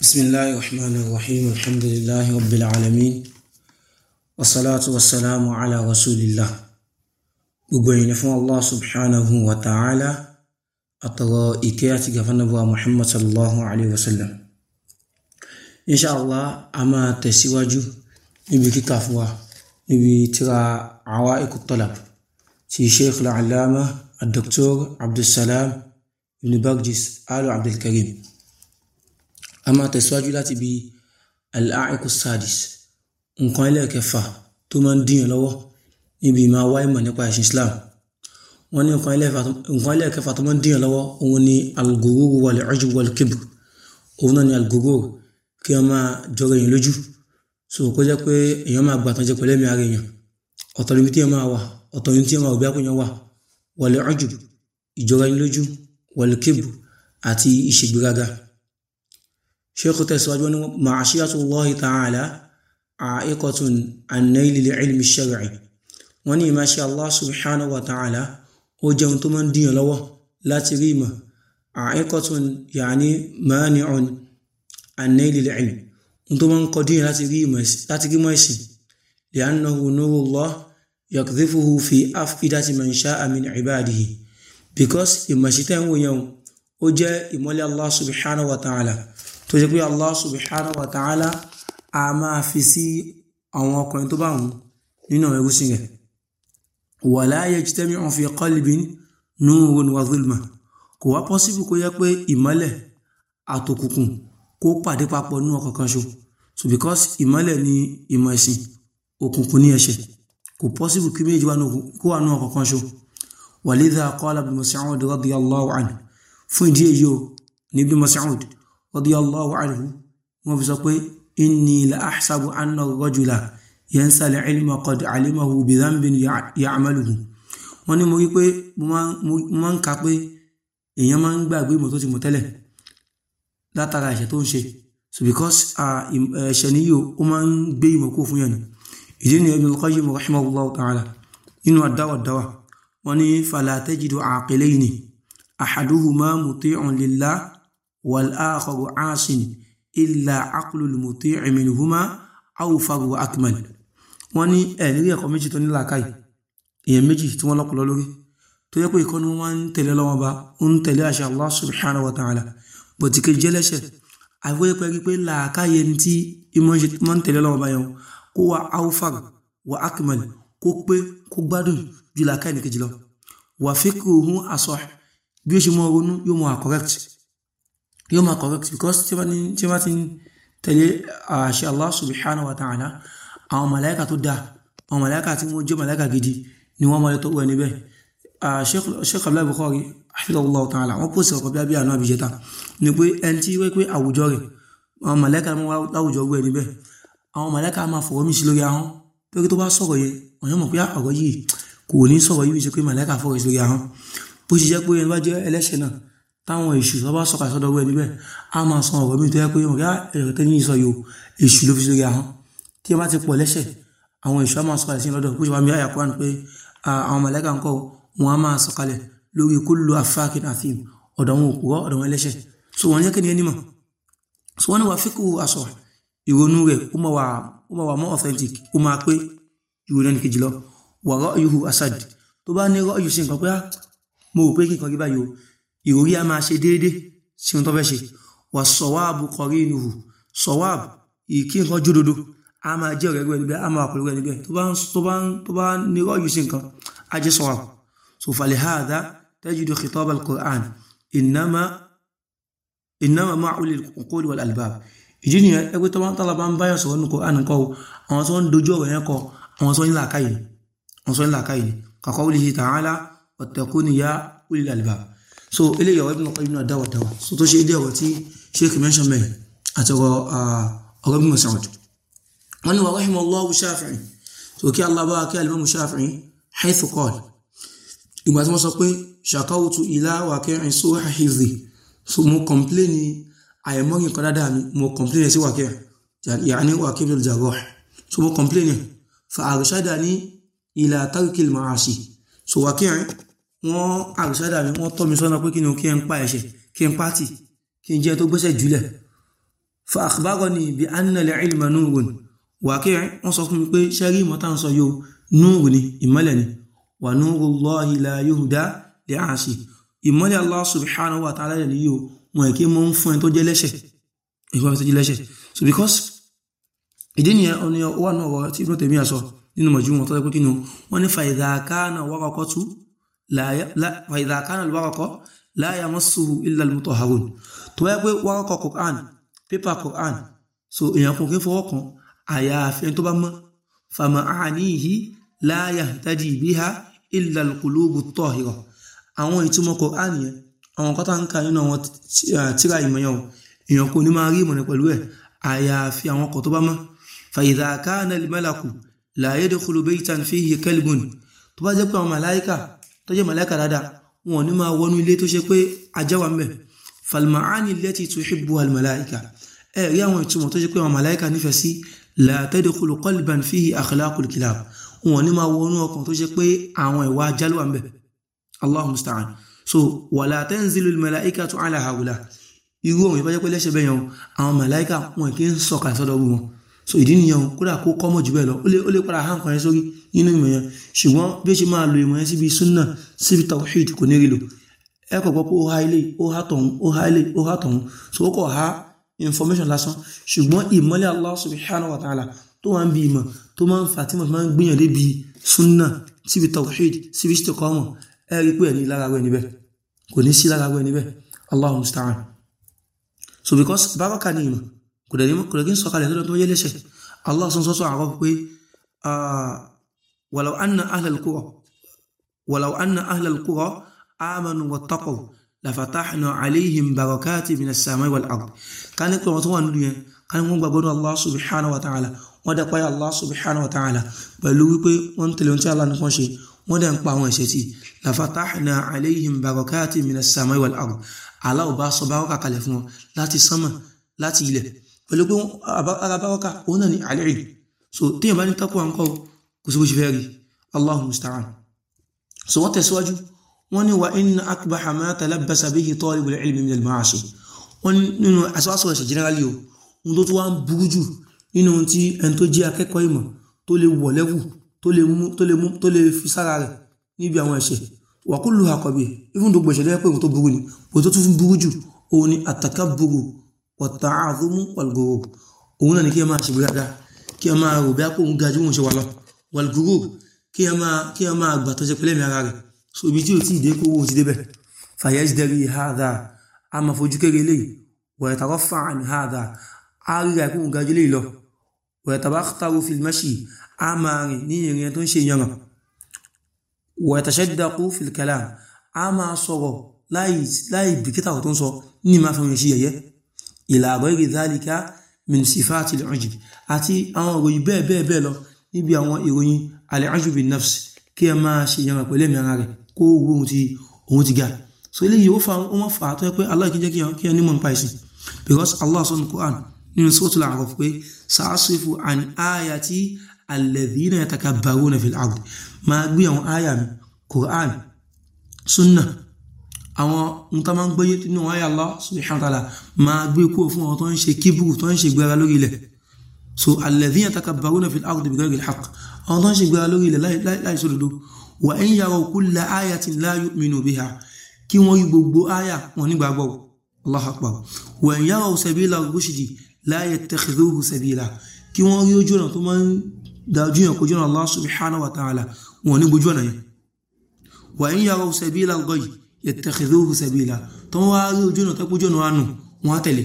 بسم الله الرحمن الرحيم الحمد لله رب العالمين والصلاة والسلام على رسول الله gbogbo ẹ̀yin fún allah subhanahu wa ta'ala àtọ̀rọ̀ ìkẹ́ àti gàfánàbọ̀ muhammad sallallahu alayhi wa sallam inṣàlá a máa tẹ̀síwájú níbi kíkà fún wa níbi tíra awaiq at-talab ti sheikh al-allama al-doctor abdulsalam ibn bagdis alu abdulkarim a máa tẹ̀síwájú láti bi al-a'iqu sadis nǹkan ẹlẹ́ẹ̀kẹfà tó máa ń dìyàn lọ́wọ́ níbi máa wá ìmọ̀ nípa ẹ̀sìn Islam wọ́n ní nǹkan ẹlẹ́ẹ̀kẹfà tó máa ń dìyàn lọ́wọ́ òun ni al-ghurur wal-'ujub wal-kibr òun náà ni al-ghurur kí wọ́n máa jọra èèyàn lójú so kó jẹ́ pé èèyàn máa gbàtàn jẹ pẹ̀lẹ́mì ara èèyàn ọ̀tọ̀ níbi tí èèyàn máa wà ọ̀tọ̀ níbi tí máa òbí àkúnyàn wà wal-'ujub ìjọra ẹni lójú wal-kibr àti ìṣègbéraga sheikh tẹ̀síwájú ní ma'ashiyatullahi ta'ala àìkọtun annaili ilmi shar'i wọ́n ní ìmáṣe allah subhanahu wa ta'ala ó jẹun tó máa ń dìyàn lọ́wọ́ láti rí ìmọ̀ àìkọtun yàní mani'un annaili ilmi n tó máa ń kọ dìyàn láti rí ìmọ̀ ẹ̀sìn li'annahu nurullah yakdhifuhu fi afidati man sha'a min ibadihi because ìmọ̀ṣítẹ́ ń wòyàn ó jẹ́ ìmọ́lẹ̀ allah subhanahu wa ta'ala tó ṣe pé Allah subhanahu wa ta'ala a máa fi sí àwọn ọkùnrin tó bá wù nínú àwọn ẹrú sí rẹ̀ wala yajtami'u fi qalbin nurun wa dhulma kò wá pọ́síbù kó yẹ pé ìmọ́lẹ̀ àtòkùnkùn kó pàdé papọ̀ nínú ọkàn kan ṣo so because ìmọ́lẹ̀ ni ìmọ̀ ẹ̀sìn òkùnkùn ní ẹ̀ṣẹ̀ kò pọ́síbù kí méjì kó wà nínú ọkàn kan ṣo walidha qala Ibn Mas'ud radiyallahu anhu fún ìdí èyí o ní Ibn Mas'ud radiyallahu anhu wọ́n fi sọ pé inni la ahsabu anna rajula yansa al ilma qad alimahu bi dhanbin ya'maluhu wọ́n ní mo rí pé mo máa ń ka pé èèyàn máa ń gbàgbé ìmọ̀ tó ti mọ̀ tẹ́lẹ̀ látara ẹ̀ṣẹ̀ tó ń ṣe so because ẹ̀ṣẹ̀ níyò ó máa ń gbé ìmọ̀ fún yẹn ìdí ni Ibn al-Qayyim rahimahullah ta'ala nínú àdáwàdáwà wọ́n ní fala tajidu aqilayni ahaduhuma muti'un lillah والآخر عاص إلا عقل المطيع منهما أوفر وأكمل wọ́n ní ẹ̀rí ẹ̀kọ́ méjì tó ní làákàyè èèyàn méjì tí wọ́n lọ́pọ̀lọ́ lórí tó yẹ pé ìkọ́ni wọn máa ń tẹ̀lé lọ́wọ́ bá ń tẹ̀lé àṣà Allah subhanahu wa ta'ala bọ̀tí kejì jẹ́lẹ́ṣẹ̀ àìwọ́yẹ pé rí pé làákàyè ní tí ìmọ̀ ń tẹ̀lé lọ́wọ́ bá yẹn kó wa awfar wa akmal kó pé kó gbádùn ju làákàyè ní kejì lọ wà fíkùhún àsọ bí ó ṣe mọ ronú yóò mọ àkọ́rẹ́tì yóò máa correct because tí wọ́n bá ti ń tẹ̀lé àṣẹ Allah subhanahu wa ta'ala àwọn màláìka tó dáa àwọn màláìka tí wọ́n jẹ́ màláìka gidi ni wọ́n máa lè tọ́wọ́ ẹni bẹ́ẹ̀ Sheikh Abdullah Bukhari tó bá sọ̀rọ̀ yẹn ah, bó ṣe jẹ́ pé ẹni bá jẹ́ ẹlẹ́ṣẹ̀ náà táwọn èṣù tó bá sọ̀kà sọ́dọ̀ wẹ́ẹ̀ níbẹ̀ á máa san ọ̀rọ̀ mi tó yẹ pé ọ̀gá ẹ̀rọ tẹ́ yín sọ yìí o èṣù ló fi sórí ahọ́n tí ẹ bá ti pọ̀ lẹ́sẹ̀ àwọn èṣù á máa sọ̀kà sí lọ́dọ̀ kó ṣe wàá mi àyà kúránù pé àwọn mọ̀lẹ́kà ńkọ́ wọn á máa sọ̀kalẹ̀ lórí kúlù afákin àfihàn ọ̀dọ̀ wọn òkúrọ̀ ọ̀dọ̀ wọn ẹlẹ́sẹ̀ so wọn jẹ́ kí ni ẹni mọ̀ so wọn ni wàá fíkù aṣọ ìrònú rẹ̀ ó máa wà authentic ó máa pé ìrònú ẹni kejì lọ wàá rọ́ ìhù asad tó bá ah, mo rò pé kí nǹkan rí báyìí o ìròrí a máa ṣe déédéé sí ohun tó fẹ́ ṣe wà sọ̀wáàbù kọrí inú hù sọ̀wáàbù ìkí nǹkan jódodo a máa jẹ́ ọ̀rẹ́ ẹgbẹ́ a máa pẹ̀lú ẹgbẹ́ tó bá tó bá ní rọ́ọ̀yù sí nǹkan a jẹ́ sọ̀wáàbù so falẹ̀ hàdá tajidu khitab al-Qur'an innama innama ma'a ulil qul wal albab ìdí nìyẹn ẹgbẹ́ tó bá ń tàlà bá ń báyọ̀ sọ̀rọ̀ nù Qur'an o àwọn tó ń dojú ọ̀rọ̀ yẹn kọ àwọn tó ń làákàyè àwọn tó ń làákàyè ka qawlihi ta'ala wattaquni ya ulil albab so eléyìí ọ̀rọ̀ ibùdó ibùdó dáwà dáwà so tó ṣe ilé ọ̀rọ̀ tí sheikh mention mẹ́rin àti ọ̀rọ̀ ọ̀rọ̀ ibùdó sàwọ̀d wọn ni wà rahim allahu shafi'i so kí allah bá kí alimami shafi'i haythu qal ìgbà tí wọ́n sọ pé shakawtu ila waqi'in so haizi so mo complain àìmọ́rin nǹkan dáadáa mi mo complain sí wàkẹ́ yàní wàkẹ́ bí olùjàgọ́ so mo complain fa arshadani ila tarkil ma'asi so wàkẹ́ wọ́n àrùsádà mi wọ́n tọ́ mi sọ́nà pé kí ni kí n pa ẹ̀ṣẹ̀ kí n pàtì kí n jẹ́ tó gbẹ́sẹ̀ jùlẹ̀ fa akhbarani bi anna al-ilma nurun wàkí wọ́n sọ fún mi pé ṣẹ́rí ìmọ̀ta ń sọ yóò núùrù ni ìmọ́lẹ̀ ni wà núùrù Allahi la yuhda li 'asi ìmọ́lẹ̀ Allah subhanahu wa ta'ala lè yíò wọn èké mọ́ ń fún ẹ tó jẹ́ lẹ́ṣẹ̀ ìfún tó jẹ́ lẹ́ṣẹ̀ so because ìdí nìyẹn ọ̀nà wà náà wọ́n tí Ibn Taymiyyah sọ nínú mọ̀jú wọn tó lẹ́kọ́ kínú wọ́n ní fa idha kana waraqatu لا لا فإذا كان الورق لا يمسه إلا المطهرون tó yẹ pé wákọ̀kọ̀ Qur'an سو Qur'an so èèyàn kò kí ń لا kan بها إلا القلوب الطاهرة mọ́ fàmà àníyí la yahtaji biha illa al-qulubu at-tahira àwọn ìtumọ̀ Qur'an yẹn àwọn kọ́tà ń ka nínú àwọn tíra ìmọ̀ yẹn o èèyàn kò ní máa rí ìmọ̀ pẹ̀lú ẹ̀ àyàfi àwọn ọkọ̀ tó bá mọ́ fa idha kana al-malaku la yadkhulu baytan fihi kalbun tó bá jẹ́ pé àwọn màláìkà tó jẹ́ màláìkà dáadáa wọn ò ní máa wọnú ilé tó ṣe pé ajá wà ń bẹ falmaani lẹ́tì tuhibbu almalaika ẹ rí àwọn ìtumọ̀ tó ṣe pé àwọn màláìkà nífẹ̀ẹ́ sí la tadkhulu qalban fihi akhlaqul kilab wọn ò máa wọnú ọkàn tó ṣe pé àwọn ìwà ajá ló wà ń bẹ so wala tanzilu almalaikatu ala haula irú ọ̀hún ìbájẹ́ pé lẹ́sẹ̀ bẹ́yàn àwọn màláìkà wọn kì í sọ̀kà sọ́dọ̀ wọn so ìdí nìyẹn kódà kó kọ́mọ̀ jù bẹ́ẹ̀ lọ ó lè padà hàn kan yẹn sórí nínú ìmọ̀ yẹn ṣùgbọ́n bí ó ṣe máa lo ìmọ̀ yẹn síbi súnà síbi tawhid kò ní rí lò ẹ kò gbọ́ pé ó ha ilé ó ha tọ̀hún ó ha ilé ó ha tọ̀hún so ó kọ̀ ha information lásán ṣùgbọ́n ìmọ̀lẹ̀ Allah subhanahu wa ta'ala tó wà ń bi ìmọ̀ tó máa ń fà tí mo fi máa ń gbìyàn débi súnà síbi tawhid síbi kò ní kò dẹ̀ ní kò dẹ̀ kí n sọ̀kalẹ̀ tó tó yẹ lẹ́sẹ̀ Allah sọ́sọ́ àwọn pé walau anna ahlal qura walau anna ahlal qura amanu wattaqaw lafatahna alayhim barakati minas samai wal ard ká ní pé wọ́n tó wà nínú yẹn ká ní wọ́n gbàgbọ́dọ̀ Allah subhanahu wa ta'ala wọ́n dẹ̀ páyà Allah subhanahu wa ta'ala pẹ̀lú wípé wọ́n ń tẹ̀lé ohun tí Allah nìkan ṣe wọ́n dẹ̀ ń pa àwọn ẹ̀ṣẹ̀ tí lafatahna alayhim barakati minas samai wal ard bá sọ bá wọ́n kàkalẹ̀ fún wọn láti sánmà láti ilẹ̀ pẹ̀lú pé ara bá wákà òun náà ni àlẹ́rì so téèyàn bá ní tákùwà ńkọ́ kò sí bó ṣe fẹ́ rí Allahu musta'an so wọ́n tẹ̀síwájú wọ́n ní wa inna akbaha ma talabbasa bihi talibul ilmi min al-ma'asi wọ́n nínú aṣọ́wọ́sọ ẹ̀ṣẹ̀ generally o ohun tó tún wá ń burú jù nínú ohun tí ẹni tó jẹ́ akẹ́kọ̀ọ́ ìmọ̀ tó lè wàtàádùmú wàlgòrò òun náà ni kí ẹ máa ṣègbéraga kí ẹ máa rò bí akó òun ga jù wọn ṣe wà lọ wàlgòrò kí ẹ máa kí ẹ máa gbà tọ́jẹ́ pẹ́lẹ́mì ara rẹ̀ so ibi tí o ti dé kówó ti débẹ̀ fàyẹ́sì dẹ́rì hàdà a máa fojú kéré eléyìí wẹ̀tàrọ̀ fàánì hàdà a rí ra ìkóhùn ga jù léyìí lọ wẹ̀tàbá tàrú fìlmẹ́ṣì a máa rìn ní ìrìn tó ń ṣe ìyànràn wẹ̀tàṣẹ́dàkú fìlkẹ́lá a máa sọ̀rọ̀ láì bìkítà tó ń sọ ní ìmáfẹ́ràn ṣe yẹ̀yẹ́ ila ghayri dhalika min sifati al-ujub àti àwọn ìròyìn bẹ́ẹ̀ bẹ́ẹ̀ bẹ́ẹ̀ lọ níbi àwọn ìròyìn al-ujub bin-nafs kí ẹ máa ṣe ìyàmà pẹ̀lú ẹ̀mí ara rẹ̀ kó wo ohun ti ohun ti ga so eléyìí ó fa wọn fà á tó yẹ pé Allah kìí jẹ́ kí ẹ nímọ̀ nípa ẹ̀sìn because Allah sọ ní Quran nínú Suratul A'raf pé sa'asrifu an ayati alladhina yatakabbaruna fil ard máa gbé àwọn àyà mi Quran sunnah àwọn nǹkan máa ń gbé nínú wáyà Allah subhanahu wa ta'ala máa gbé kúrò fún àwọn tó ń ṣe kíbùrù tó ń ṣe gbéra lórí ilẹ̀ so alladhina yatakabbaruna fil ardi bighayri al-haqq àwọn tó ń ṣe gbéra lórí ilẹ̀ láì sódodo wa in yaraw kulla ayatin la yu'minu biha kí wọ́n yí gbogbo àyà wọn nígbàgbọ́ Allahu akbar wa in yaraw sabila rushdi la yattakhidhuhu sabila kí wọ́n rí ojú ọ̀nà tó máa ń dájú wọn ní gbójú ọ̀nà yẹn wa in yaraw sabila al-ghayy yattakhidhuhu sabila tó ń wá rí ojú ọ̀nà tó kójú ọ̀nà àánú wọn á tẹ̀lé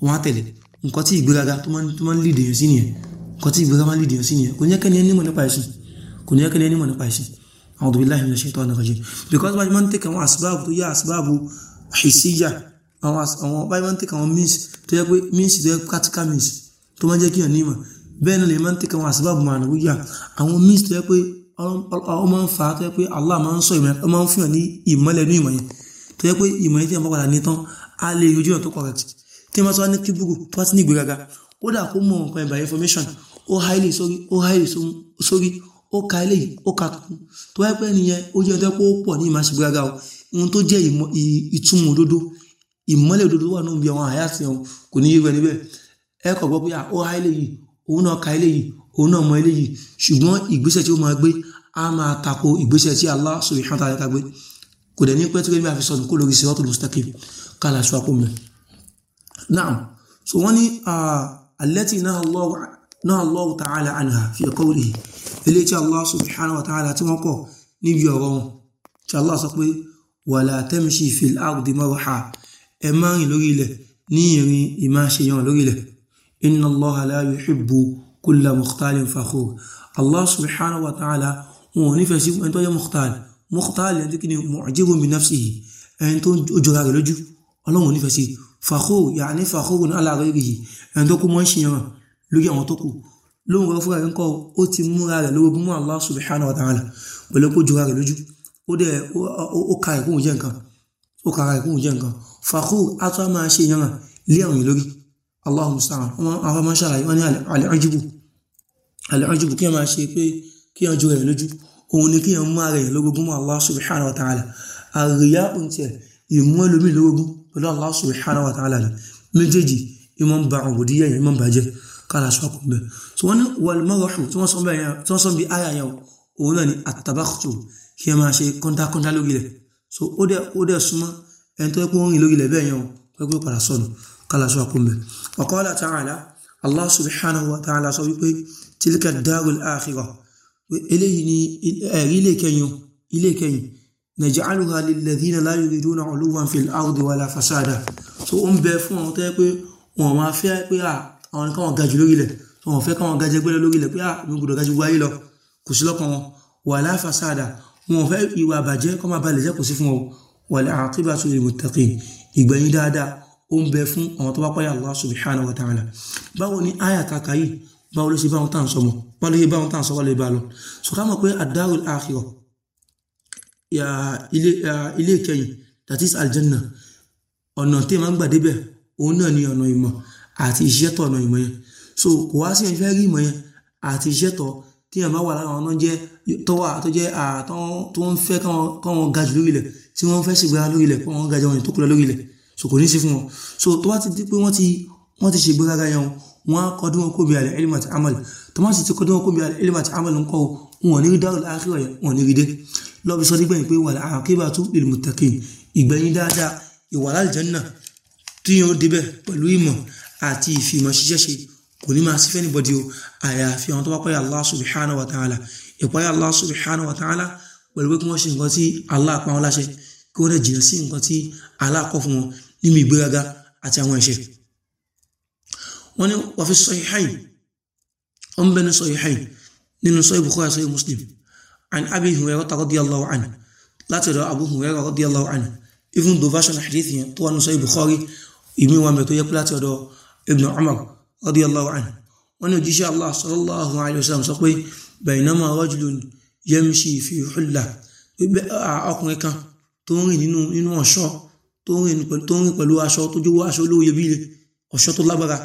wọn á tẹ̀lé nǹkan tí ìgbéraga tó máa ń lìdèyàn sí nìyẹn nǹkan tí ìgbéraga máa ń lìdèyàn sí nìyẹn kò ní yẹ kẹ́ni ẹni mọ̀ nípa ẹ̀sìn kò ní yẹ kẹ́ni ẹni mọ̀ nípa ẹ̀sìn a'udhu billahi minash shaitani rajim because báyìí máa ń tẹ̀kẹ̀ àwọn àsìbáàbù tó yá àsìbáàbù àìsíyà àwọn báyìí máa ń tẹ̀kẹ̀ àwọn means tó yẹ pé means tó yẹ practical means tó máa ń jẹ́ kí èèyàn ní ìmọ̀ bẹ́ẹ̀ náà lè tó yẹ pé ọ máa ń fa tó yẹ pé Allah máa ń sọ ìmọ̀ ọ máa ń fihàn ní ìmọ̀lẹ̀ ní ìmọ̀ yẹn tó yẹ pé ìmọ̀ yẹn tí wọ́n padà ní tán á lè yọjú ọ̀tọ̀ correct tí wọ́n ti wá ní kíbùkù tó wá sí ní ìgbéraga kódà kó mọ̀ nǹkan ìbà information ó há ilé sórí ó há ilé sórí ó ka ilé yìí ó ka tuntun tó wáyé pé nìyẹn ó jẹ́ pé ó pọ̀ ní ìmọ̀ àṣegbéraga o ohun tó jẹ́ ìtumọ̀ òdodo ìmọ̀lẹ̀ òdodo wà nínú bí àwọn àyà àti ẹ̀hún kò ní yíwẹ̀ níbẹ̀ ẹ kọ̀ gbọ́ pé ó há ilé yìí òun náà ka ilé ṣùgbọ́n ìgbésẹ̀ tí ó máa gbé a máa tako ìgbésẹ̀ tí Allah subhanahu wa ta'ala kagbé kò dẹ̀ ní pẹ́ tí wọ́n fi sọ̀rọ̀ kó lórí siratul mustaqim kálá sọ akó mẹ́. naam so wọ́n ní allati naha Allahu ta'ala anha fi qawlihi ilé tí Allah subhanahu wa ta'ala tí wọ́n kọ̀ níbi ọ̀rọ̀ wọn tí Allah sọ pé wala tamshi fil ardi marha ẹ máa rìn lórí ilẹ̀ ní ìrìn ìmá ṣe yan lórí ilẹ̀ inna Allaha la yuhibbu kulla mukhtalin fakhur Allah subhanahu wa ta'ala wọn ò nífẹ̀ẹ́ sí ẹni tó jẹ́ mọ̀kútàlì mọ̀kútàlì ẹni tó kí ni mu'jibun bi nafsihi ẹni tó jọra rẹ̀ lójú ọlọ́run ò nífẹ̀ẹ́ sí fakhur ya'ni fakhurun ala ghayrihi ẹni tó kú mọ́ ń ṣìyàn lórí àwọn tó kù lóhùn rẹ̀ fúnra rẹ̀ ń kọ́ ó ti múra rẹ̀ lórí mú Allah subhanahu wa ta'ala pẹ̀lú kó jọra rẹ̀ lójú ó dẹ̀ ó ka ẹ̀kún jẹ́ nǹkan ó ka ẹ̀kún jẹ́ kí ọjọ́ rẹ̀ lójú òun ni kí ọmọ rẹ̀ lógógún mọ́ Allah subhanahu wa ta'ala àríyá ń tiẹ̀ ìmú ẹlòmíì lógógún pẹ̀lú Allah subhanahu wa ta'ala rẹ̀ méjèèjì ìmọ̀ ń ba òbòdíyẹ̀ yẹn ìmọ̀ ń bàjẹ́ kára sọ kù bẹ́ẹ̀ tí wọ́n ní wàlúmọ́rọ̀ṣù tí wọ́n sọ bí àyà yẹn òun náà ni àtàbàkùtù kí ẹ máa ṣe kọ́ńtákọ́ńtá lórí rẹ̀ so ó dẹ̀ ó dẹ̀ súnmọ́ ẹni tó yẹ kó ń rìn lórí rẹ̀ bẹ́ẹ̀ yẹn o pé kó sọnù kára sọ kù bẹ́ẹ̀ wa qala ta'ala Allah subhanahu wa ta'ala sọ wípé tilka darul akhirah eléyìí ni ẹ̀rí ilé kẹyìn ilé kẹyìn naj'aluha lilladhina la yuriduna 'uluwan fil ardi wala fasada so ó ń bẹ fún àwọn tó yẹ pé wọn máa fẹ́ pé àwọn nìkan wọn gajù lórí ilẹ̀ wọn fẹ́ káwọn gajẹ gbẹ́lẹ́ lórí ilẹ̀ pé àwọn gbọdọ̀ gajù wáyé lọ kò sí lọ́kàn wọn wala fasada wọn fẹ́ ìwà àbàjẹ́ kọ́ máa balẹ̀ jẹ́ kò sí fún wọn wal aqibatu lil báwo ló ṣe bá wọn tàn sọmọ báwo ló ṣe bá wọn tàn sọ wà lè bá lọ so ká mọ̀ pé ad-darul akhirah ilé ìkẹyìn that is aljanna ọ̀nà tí wọ́n gbà débẹ̀ òun náà ni ọ̀nà ìmọ̀ àti iṣẹ́ tọ̀ ọ̀nà ìmọ̀ yẹn so kò wá sí ẹ̀fẹ́ rí ìmọ̀ yẹn àti iṣẹ́ tọ̀ tí wọ́n bá wà lára wọn jẹ́ tọ́wà tó jẹ́ tó ń fẹ́ káwọn ga jù lórí ilẹ̀ tí wọ́n fẹ́ ṣègbéra lórí ilẹ̀ káwọn ga jù wọn tó kúrò lórí ilẹ̀ so kò ní sí fún wọn so tó wá ti di pé wọ́n ti ṣègbéraga yẹn wọ́n kọdú wọn kó bí alẹ́ ilmọ̀ àti amal tó má sì ti kọdú wọn kó bí alẹ́ ilmọ̀ àti amal ń kọ́ wọn ní rí dárò láàkíwà yẹn wọn ní dé lọ́bi sọ nígbẹ̀yìn pé wà láàkíwà tó lil muttaqin dáadáa ìwà lálìjẹ́nà tí yóò débẹ̀ pẹ̀lú ìmọ̀ àti ìfìmọ̀ ṣiṣẹ́ ṣe kò ní máa sí fẹ́ni bọ́dí o àyàfi àwọn tó bá pààyà Allah subhanahu wa ta'ala ìpààyà Allah subhanahu wa ta'ala pẹ̀lú pé kí wọ́n ṣe nǹkan tí Allah pa wọn láṣẹ kí wọ́n dẹ̀ jìnnà sí nǹkan tí Allah kọ̀ fún wọn nínú ìgbéraga àti àwọn ẹ̀ṣẹ̀ wọ́n ní wà fi sahihayn wọ́n bẹ ní sahihayn nínú sahih Bukhari sahih Muslim an Abi Hurairah radiyallahu anhu láti ọ̀dọ̀ Abu Hurairah radiyallahu anhu even though version hadith yẹn tó wà ní sahih Bukhari ìmí wa mẹ́ tó yẹ pé ọ̀dọ̀ Ibn Umar radiyallahu anhu wọ́n ní òjíṣẹ́ Allah sallallahu alayhi wa sallam sọ pé baynama rajulun yamshi fi hullah ọkùnrin kan tó ń rìn nínú ọ̀ṣọ́ tó ń rìn pẹ̀lú aṣọ tó jówó aṣọ olówó iyebíye ọ̀ṣọ́ tó lágbára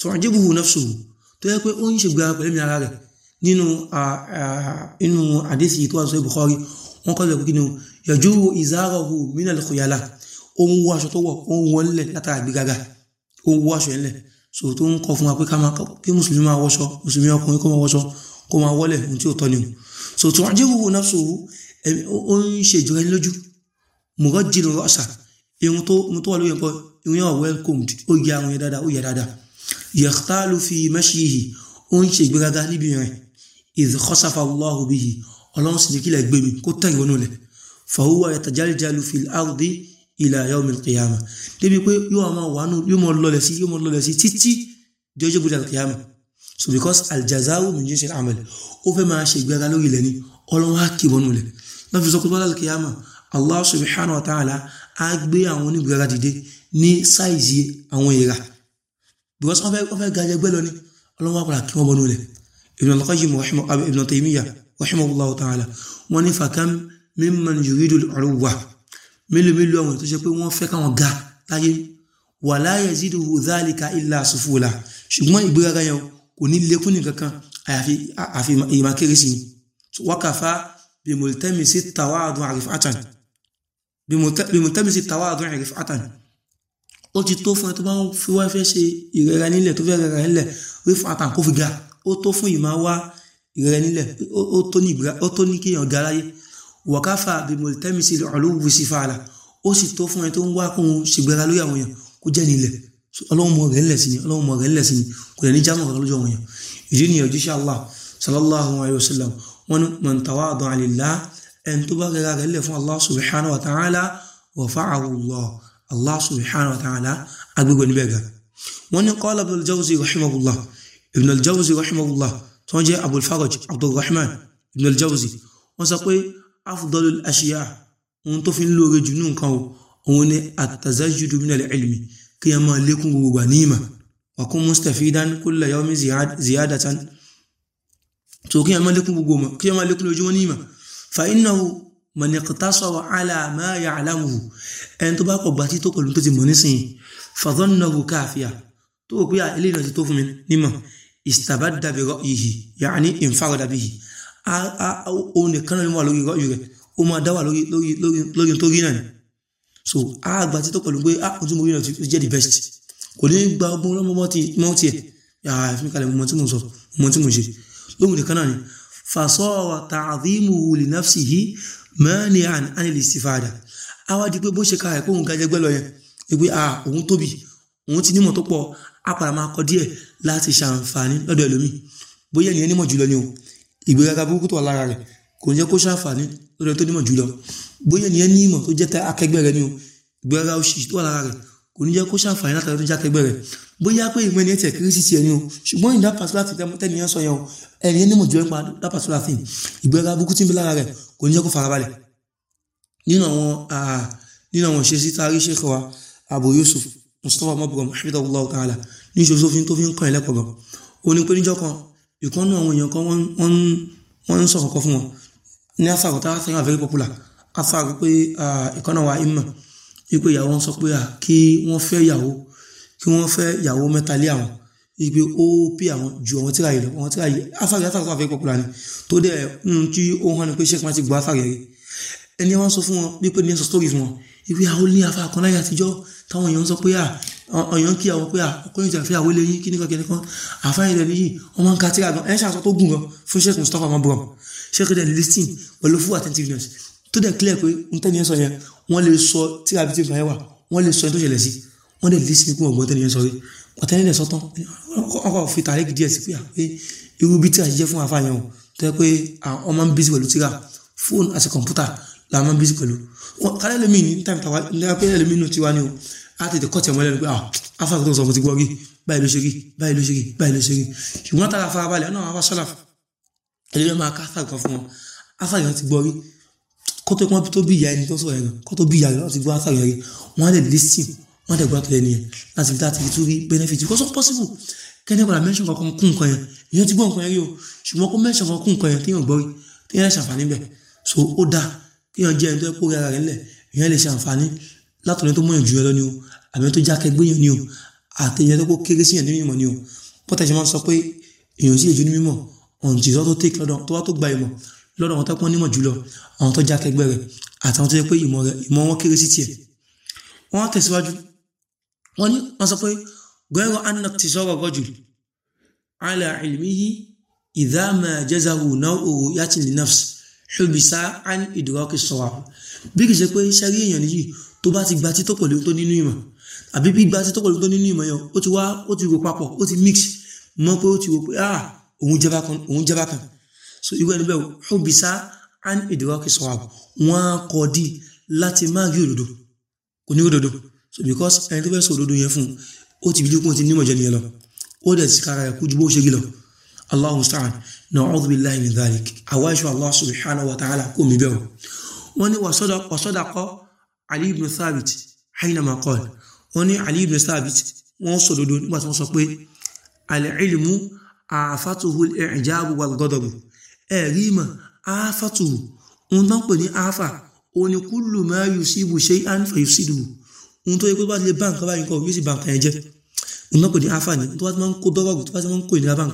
tu'jibuhu nafsuhu tó yẹ pé ó ń ṣègbè pẹ̀lú mi ara rẹ̀ nínú inú àdéhìí tó wà sọ Bukhari wọn kọ́ lẹ́kọ̀ọ́ kínú yẹjú izarahu minal khuyala òun wọ aṣọ tó wọ̀ òun wọ ńlẹ̀ látara gbígaga òun wọ aṣọ ńlẹ̀ so tó ń kọ́ fún wa pé ká máa kí mùsùlùmí máa wọṣọ mùsùlùmí ọkùnrin kó máa wọṣọ kó máa wọlé ohun tí ò tọ́ ni o so tu'jibuhu nafsuhu ó ń ṣe ìjọra ẹni lójú mùgọ́ jìnnà rọ́ṣà irun tó wà lóyún ẹ̀kọ́ irun yẹn wà welcomed ó yẹ àwọn yẹn dáadáa ó yẹ dáadáa yẹ̀tàlù fi mẹ́ṣíhì ó ń ṣe ìgbéraga níbi rẹ̀ ìdíkọ́sáfà Allahu bihi ọlọ́run sì ní kílẹ̀ gbé mi kó tẹ̀ ìwọ́nù lẹ̀ fàwúwà yatajaljalu fil ardi ila yawmil qiyamah débi pé yóò máa wà nù yóò máa lọlẹ̀ sí yóò máa lọlẹ̀ sí títí di ọjọ́ gbọdọ̀ kìyàmà so because aljazawu min jinsil amal ó fẹ́ máa ṣe ìgbéraga lórí ilẹ̀ ni ọlọ́run á kì wọ́nù Allah subhanahu wa ta'ala á gbé àwọn onígbéraga dìde ní sáìzì àwọn èèrà because wọ́n fẹ́ wọ́n fẹ́ gajẹ gbẹ́ lọ ni ọlọ́wọ́ akọ̀rọ̀ kí wọ́n bọ́ nulẹ̀ Ibn al-Qayyim Ibn Taymiyyah rahimahullahu ta'ala wọ́n ní fakam mimman yuridu al-'uluwwa mélòó mélòó àwọn tó ṣe pé wọ́n fẹ́ káwọn ga láyé wala yaziduhu dhalika illa sufula ṣùgbọ́n ìgbéraga yẹn kò ní lékún ní kankan àyàfi àfi ìmà kérésì ni wákàfà bimultamisi tawadu arifatan bimultamisi tawadu arifatan ó ti tó fún ẹ tó bá ń fi wá fẹ́ ṣe ìrẹ́ra nílẹ̀ tó fẹ́ rẹ́ra nílẹ̀ rí fún atan kó fi ga ó tó fún ìmọ̀ wá ìrẹ́ra nílẹ̀ ó tó ní kéèyàn ga láyé wọ̀káfà bimolitẹ́mísì ọ̀lọ́wù sí fàlà ó sì tó fún ẹ tó ń wá kó ń ṣègbéra lórí àwọn èèyàn kó jẹ́ nílẹ̀ ọlọ́run mọ̀ rẹ̀ ńlẹ̀ sí ni ọlọ́run mọ̀ rẹ̀ ńlẹ̀ sí ni kò yẹ ní jámọ̀ kan lójú àwọn èèyàn Allah sallallahu alayhi wa sallam wọn man tawada'a lillah ẹni tó bá Allah subhanahu wa ta'ala wa Allah الله سبحانه وتعالى أبو نبيغا وني قال ابن الجوزي رحمه الله ابن الجوزي رحمه الله تونجي أبو الفرج عبد الرحمن ابن الجوزي وسقوي أفضل الأشياء ونطفن له رجنون كو وني التزجد من العلم كيما لكم غنيمة وكن مستفيدا كل يوم زياد زيادة زيادة تو كيما لكم غنيمة فإنه mọ̀nìkìtàsọ̀rọ̀ aláàmáyà aláwùú ẹni tó bá kọ̀ gbà tí tó pẹ̀lú tó ti mọ̀ nísìnyí fàdánnáwó káàfíà tó wò pé eléyìí náà ti tó fún mi nímọ̀ ìsìtàbádàbí rọ ìhì yàní ìfàrọ̀dàbí yìí òun nìkan náà ló wà lórí rọ́ọ̀yù rẹ̀ ó máa dá wà lórí tó rí náà ni so a gbà tí tó pẹ̀lú pé a ojú mo rí náà ti jẹ́ the best kò ní gba ọgbọ́n lọ́mọ mọ́ tiẹ̀ yàrá ìfúnkalẹ̀ mọ́ yìí mẹ́ni àn ánìlì sífàdà awádìí pé bó ṣe ka ẹ̀kọ́ òun gajẹ́ gbẹ́ lọ yẹn wípé a òun tóbi òun ti nímọ̀ tó pọ̀ apàrà máa kọ díẹ̀ láti ṣàǹfààní lọ́dọ̀ ẹlòmíì bóyá ènìyàn nímọ̀ jùlọ ni o ìgbéraga burúkú tó wà lára rẹ̀ kò ń jẹ́ kó ṣàǹfààní lọ́dọ̀ tó nímọ̀ jùlọ bóyá ènìyàn nímọ̀ tó jẹ́ tẹ akẹgbẹ́ rẹ̀ ni o ìgbéraga òṣì tó wà lára rẹ̀ kò ní jẹ́ kó ṣàǹfààní látara tó jẹ́ akẹgbẹ́ rẹ̀ bóyá pé ìmọ̀ ni o ṣùgbọ́n ìdá pàṣẹ láti tẹniyàn o ẹnìyẹn nímọ̀ jùlọ nípa dápàṣẹ kò ní jẹ́ kó farabalẹ̀ nínú àwọn nínú àwọn ìṣesí tá a rí ṣèkọ wa Abu Yusuf Mustapha mọbùrọ hafidhahullah ta'ala ní ṣoṣo fi tó fi ń kàn ẹ lẹ́kọ̀ọ́ gan ó ní pé níjọ́ kan ìkànnì àwọn èèyàn kan wọ́n ń sọ̀rọ̀ kan fún wọn ní asàrò tá a sẹ́yìn àfẹ́rí popular asàrò pé ìkànnì wa ìmọ̀ wípé ìyàwó ń sọ pé kí wọ́n fẹ́ ìyàwó kí wọ́n fẹ́ ìyàwó mẹ́ta lé àwọn ipe ó pè àwọn ju àwọn tíra yìí lọ àwọn tíra yìí afárí afárí afárí pọpọlá ni tó dẹ ń tí ó hàn ní pé sẹkùn ti gbọ afárí rẹ ẹni wọn sọ fún wọn wípé ní sọ sítórì fún wọn ipe àwọn ní afá kan láyé àtijọ́ táwọn èèyàn sọ pé à ọyàn kí àwọn pé à ọkọ yìí tàbí àwọn eléyìí kí nìkan kìnìkan àfáyín rẹ nìyí wọn máa ń ka tíra gan ẹ ṣàṣọ tó gùn gan fún sẹkùn stọfà máa bọ sẹkùn dẹ listin pẹ̀lú full attentiveness tó dẹ clear pé n tẹ́ni ẹ sọ yẹn wọ́n ọ̀tẹ́lẹ̀ sọ́tán ọkọ̀ fi tàrí díẹ̀ sí pé ah, pé irú bí tí a ṣiṣẹ́ fún afáyàn o tó yẹ pé ah, ọmọ ń bísí pẹ̀lú tíra fóònù àti kọ̀ǹpútà la máa ń bísí pẹ̀lú kálẹ̀ lómi ní táìmù tàwa lẹ́yìn pé lẹ́yìn nínú tiwa ni o a tètè kọ́ tiẹ̀ mọ́lẹ́nu pé afáàkì ah, tó ń sọ fún ti gbọ́ rí báyìí ló ṣe rí báyìí ló ṣe rí báyìí ló ṣe rí ṣùgbọ́n tára farabalẹ̀ ọ̀nà àwọn afáṣọ́là ẹlẹ́yìn máa ká afáàkì kan fún wọn afáàkì kan ti gbọ́ rí kó tó pọ́n tó bí ìyá ẹni tó sọ̀rọ̀ ẹ̀rọ kó tó bí ìyá ẹ̀rọ wọ́n dẹ̀ gbà pẹ̀lẹ́ nìyẹn láti fi láti fi tún rí benefit because of possible kẹ́ni padà mention kankan kún nǹkan yẹn ìyẹn ti gbọ́ nǹkan yẹn rí o ṣùgbọ́n kó mention kankan kún nǹkan yẹn téèyàn gbọ́ rí téèyàn lè ṣàǹfààní bẹ̀ so ó dáa téèyàn jẹ́ ẹni tó kó ara rẹ̀ ńlẹ̀ ìyẹn lè ṣàǹfààní látọ̀rẹ́ tó mọ̀yàn jù ẹ lọ ni o àbí tó jákẹ́ gbé yẹn ni o àtẹ̀yẹn tó kó kéré sí yẹn ní mímọ̀ ni o bọ́tà ṣe máa ń sọ pé èèyàn sì lọ́dọ̀ àwọn tó nímọ̀ jùlọ àwọn tó jákẹ́ rẹ̀ àtàwọn tó yẹ pé ìmọ̀ wọn kéré sí tiẹ̀ wọ́n á tẹ̀síwájú wọ́n ní wọ́n sọ pé gẹ́rọ anna ti sọ́rọ̀ rọ́jù ala ilmihi idha ma jazahu naw'u yatin li nafsi hubisa an idraki sawab bí kì í ṣe pé sẹ́rí èèyàn nìyí tó bá ti gba títọ́ pẹ̀lú tó nínú ìmọ̀ àbí bí gba títọ́ pẹ̀lú tó nínú ìmọ̀ yẹn ó ti wá ó ti rò papọ̀ ó ti mix mọ́ pé ó ti rò pé ah òun jẹba kan òun jẹba kan so irú ẹni bẹ́ẹ̀ hubisa an idraki sawab wọ́n á kọ́ di láti má rí òdodo kò ní òdodo so because ẹni tó fẹ́ sọ òdodo yẹn fún ó ti bìlíkùn ti nímọ̀ jẹ́ nìyẹn lọ ó dẹ̀ ti kára ẹ̀kú ju bó ṣe gí lọ Allahu musta'an na'udhu billahi min dhalik àwa ìṣọ Allah subhanahu kò mí bẹ́ẹ̀ wọ́n ní wa sadaqa Ali ibn Thabit wọ́n ní Ali ibn wọ́n sọ òdodo nígbà tí sọ pé al-ilmu àfàtúhù al-i'jabu ẹ̀rí ìmọ̀ àfàtúhù ń tán pè ní àfà òní kullu ma yusibu shay'an fa yufsiduhu ohun tó yẹ kó bá lè bá nǹkan báyìí kọ yóò sì bá yẹn jẹ́ òun kò ní àǹfààní tó bá ti máa ń kó dọ́rọ̀gù tó bá ti máa ń kó ìnira bá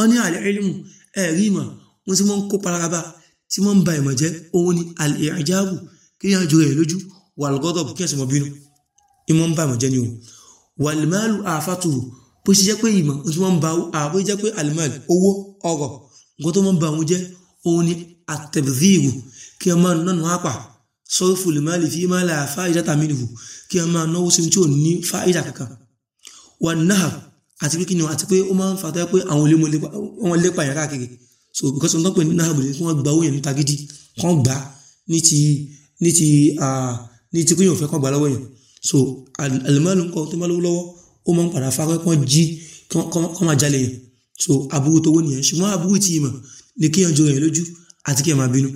ọ ní àlẹ́ ẹlẹ́mù ẹ̀rí wọ́n ti máa ń kó paraba tí wọ́n ń ba ìmọ̀ jẹ́ òun ni àlẹ́ àjáàbù kí yàn jọ rẹ̀ lójú wà lọ́gọ́dọ̀ kí ẹ̀sìn mọ̀ bínú ìmọ̀ ń ba ìmọ̀ jẹ́ ni o wà lìmáàlù àfàtùrù bó ṣe jẹ́ pé ìmọ̀ wọ́n ti máa ń ba àbó jẹ́ pé àlìmáàlù owó ọ̀rọ̀ nǹkan tó máa ń ba àwọn jẹ́ òun ni àtẹ̀bìrì kí ẹ máa nánú sọ́ọ́fù lè má lè fi má là fa ìdáta mi nìbò kí a máa náwó sí tí ò ní fa ìdá kankan wà náà àti pé kíni àti pé ó máa ń fàtọ́ pé àwọn olèmọ wọn lépa yàrá kiri so because wọn tọ́pẹ́ náà bèrè kí wọ́n gba owó yẹn níta gidi kàn gbà ní ti ní ti ní ti kíyàn fẹ́ kàn gbà lọ́wọ́ yẹn so àlùmọ́ọ́lù nǹkan tó máa lówó lọ́wọ́ ó máa ń padà fa kọ́ jí kọ́ máa jalè yẹn so aburú tó wó nìyẹn ṣùgbọ́n aburú ti ìmọ̀ ni kíyàn jọ yẹn lójú àti kíyàn máa bínú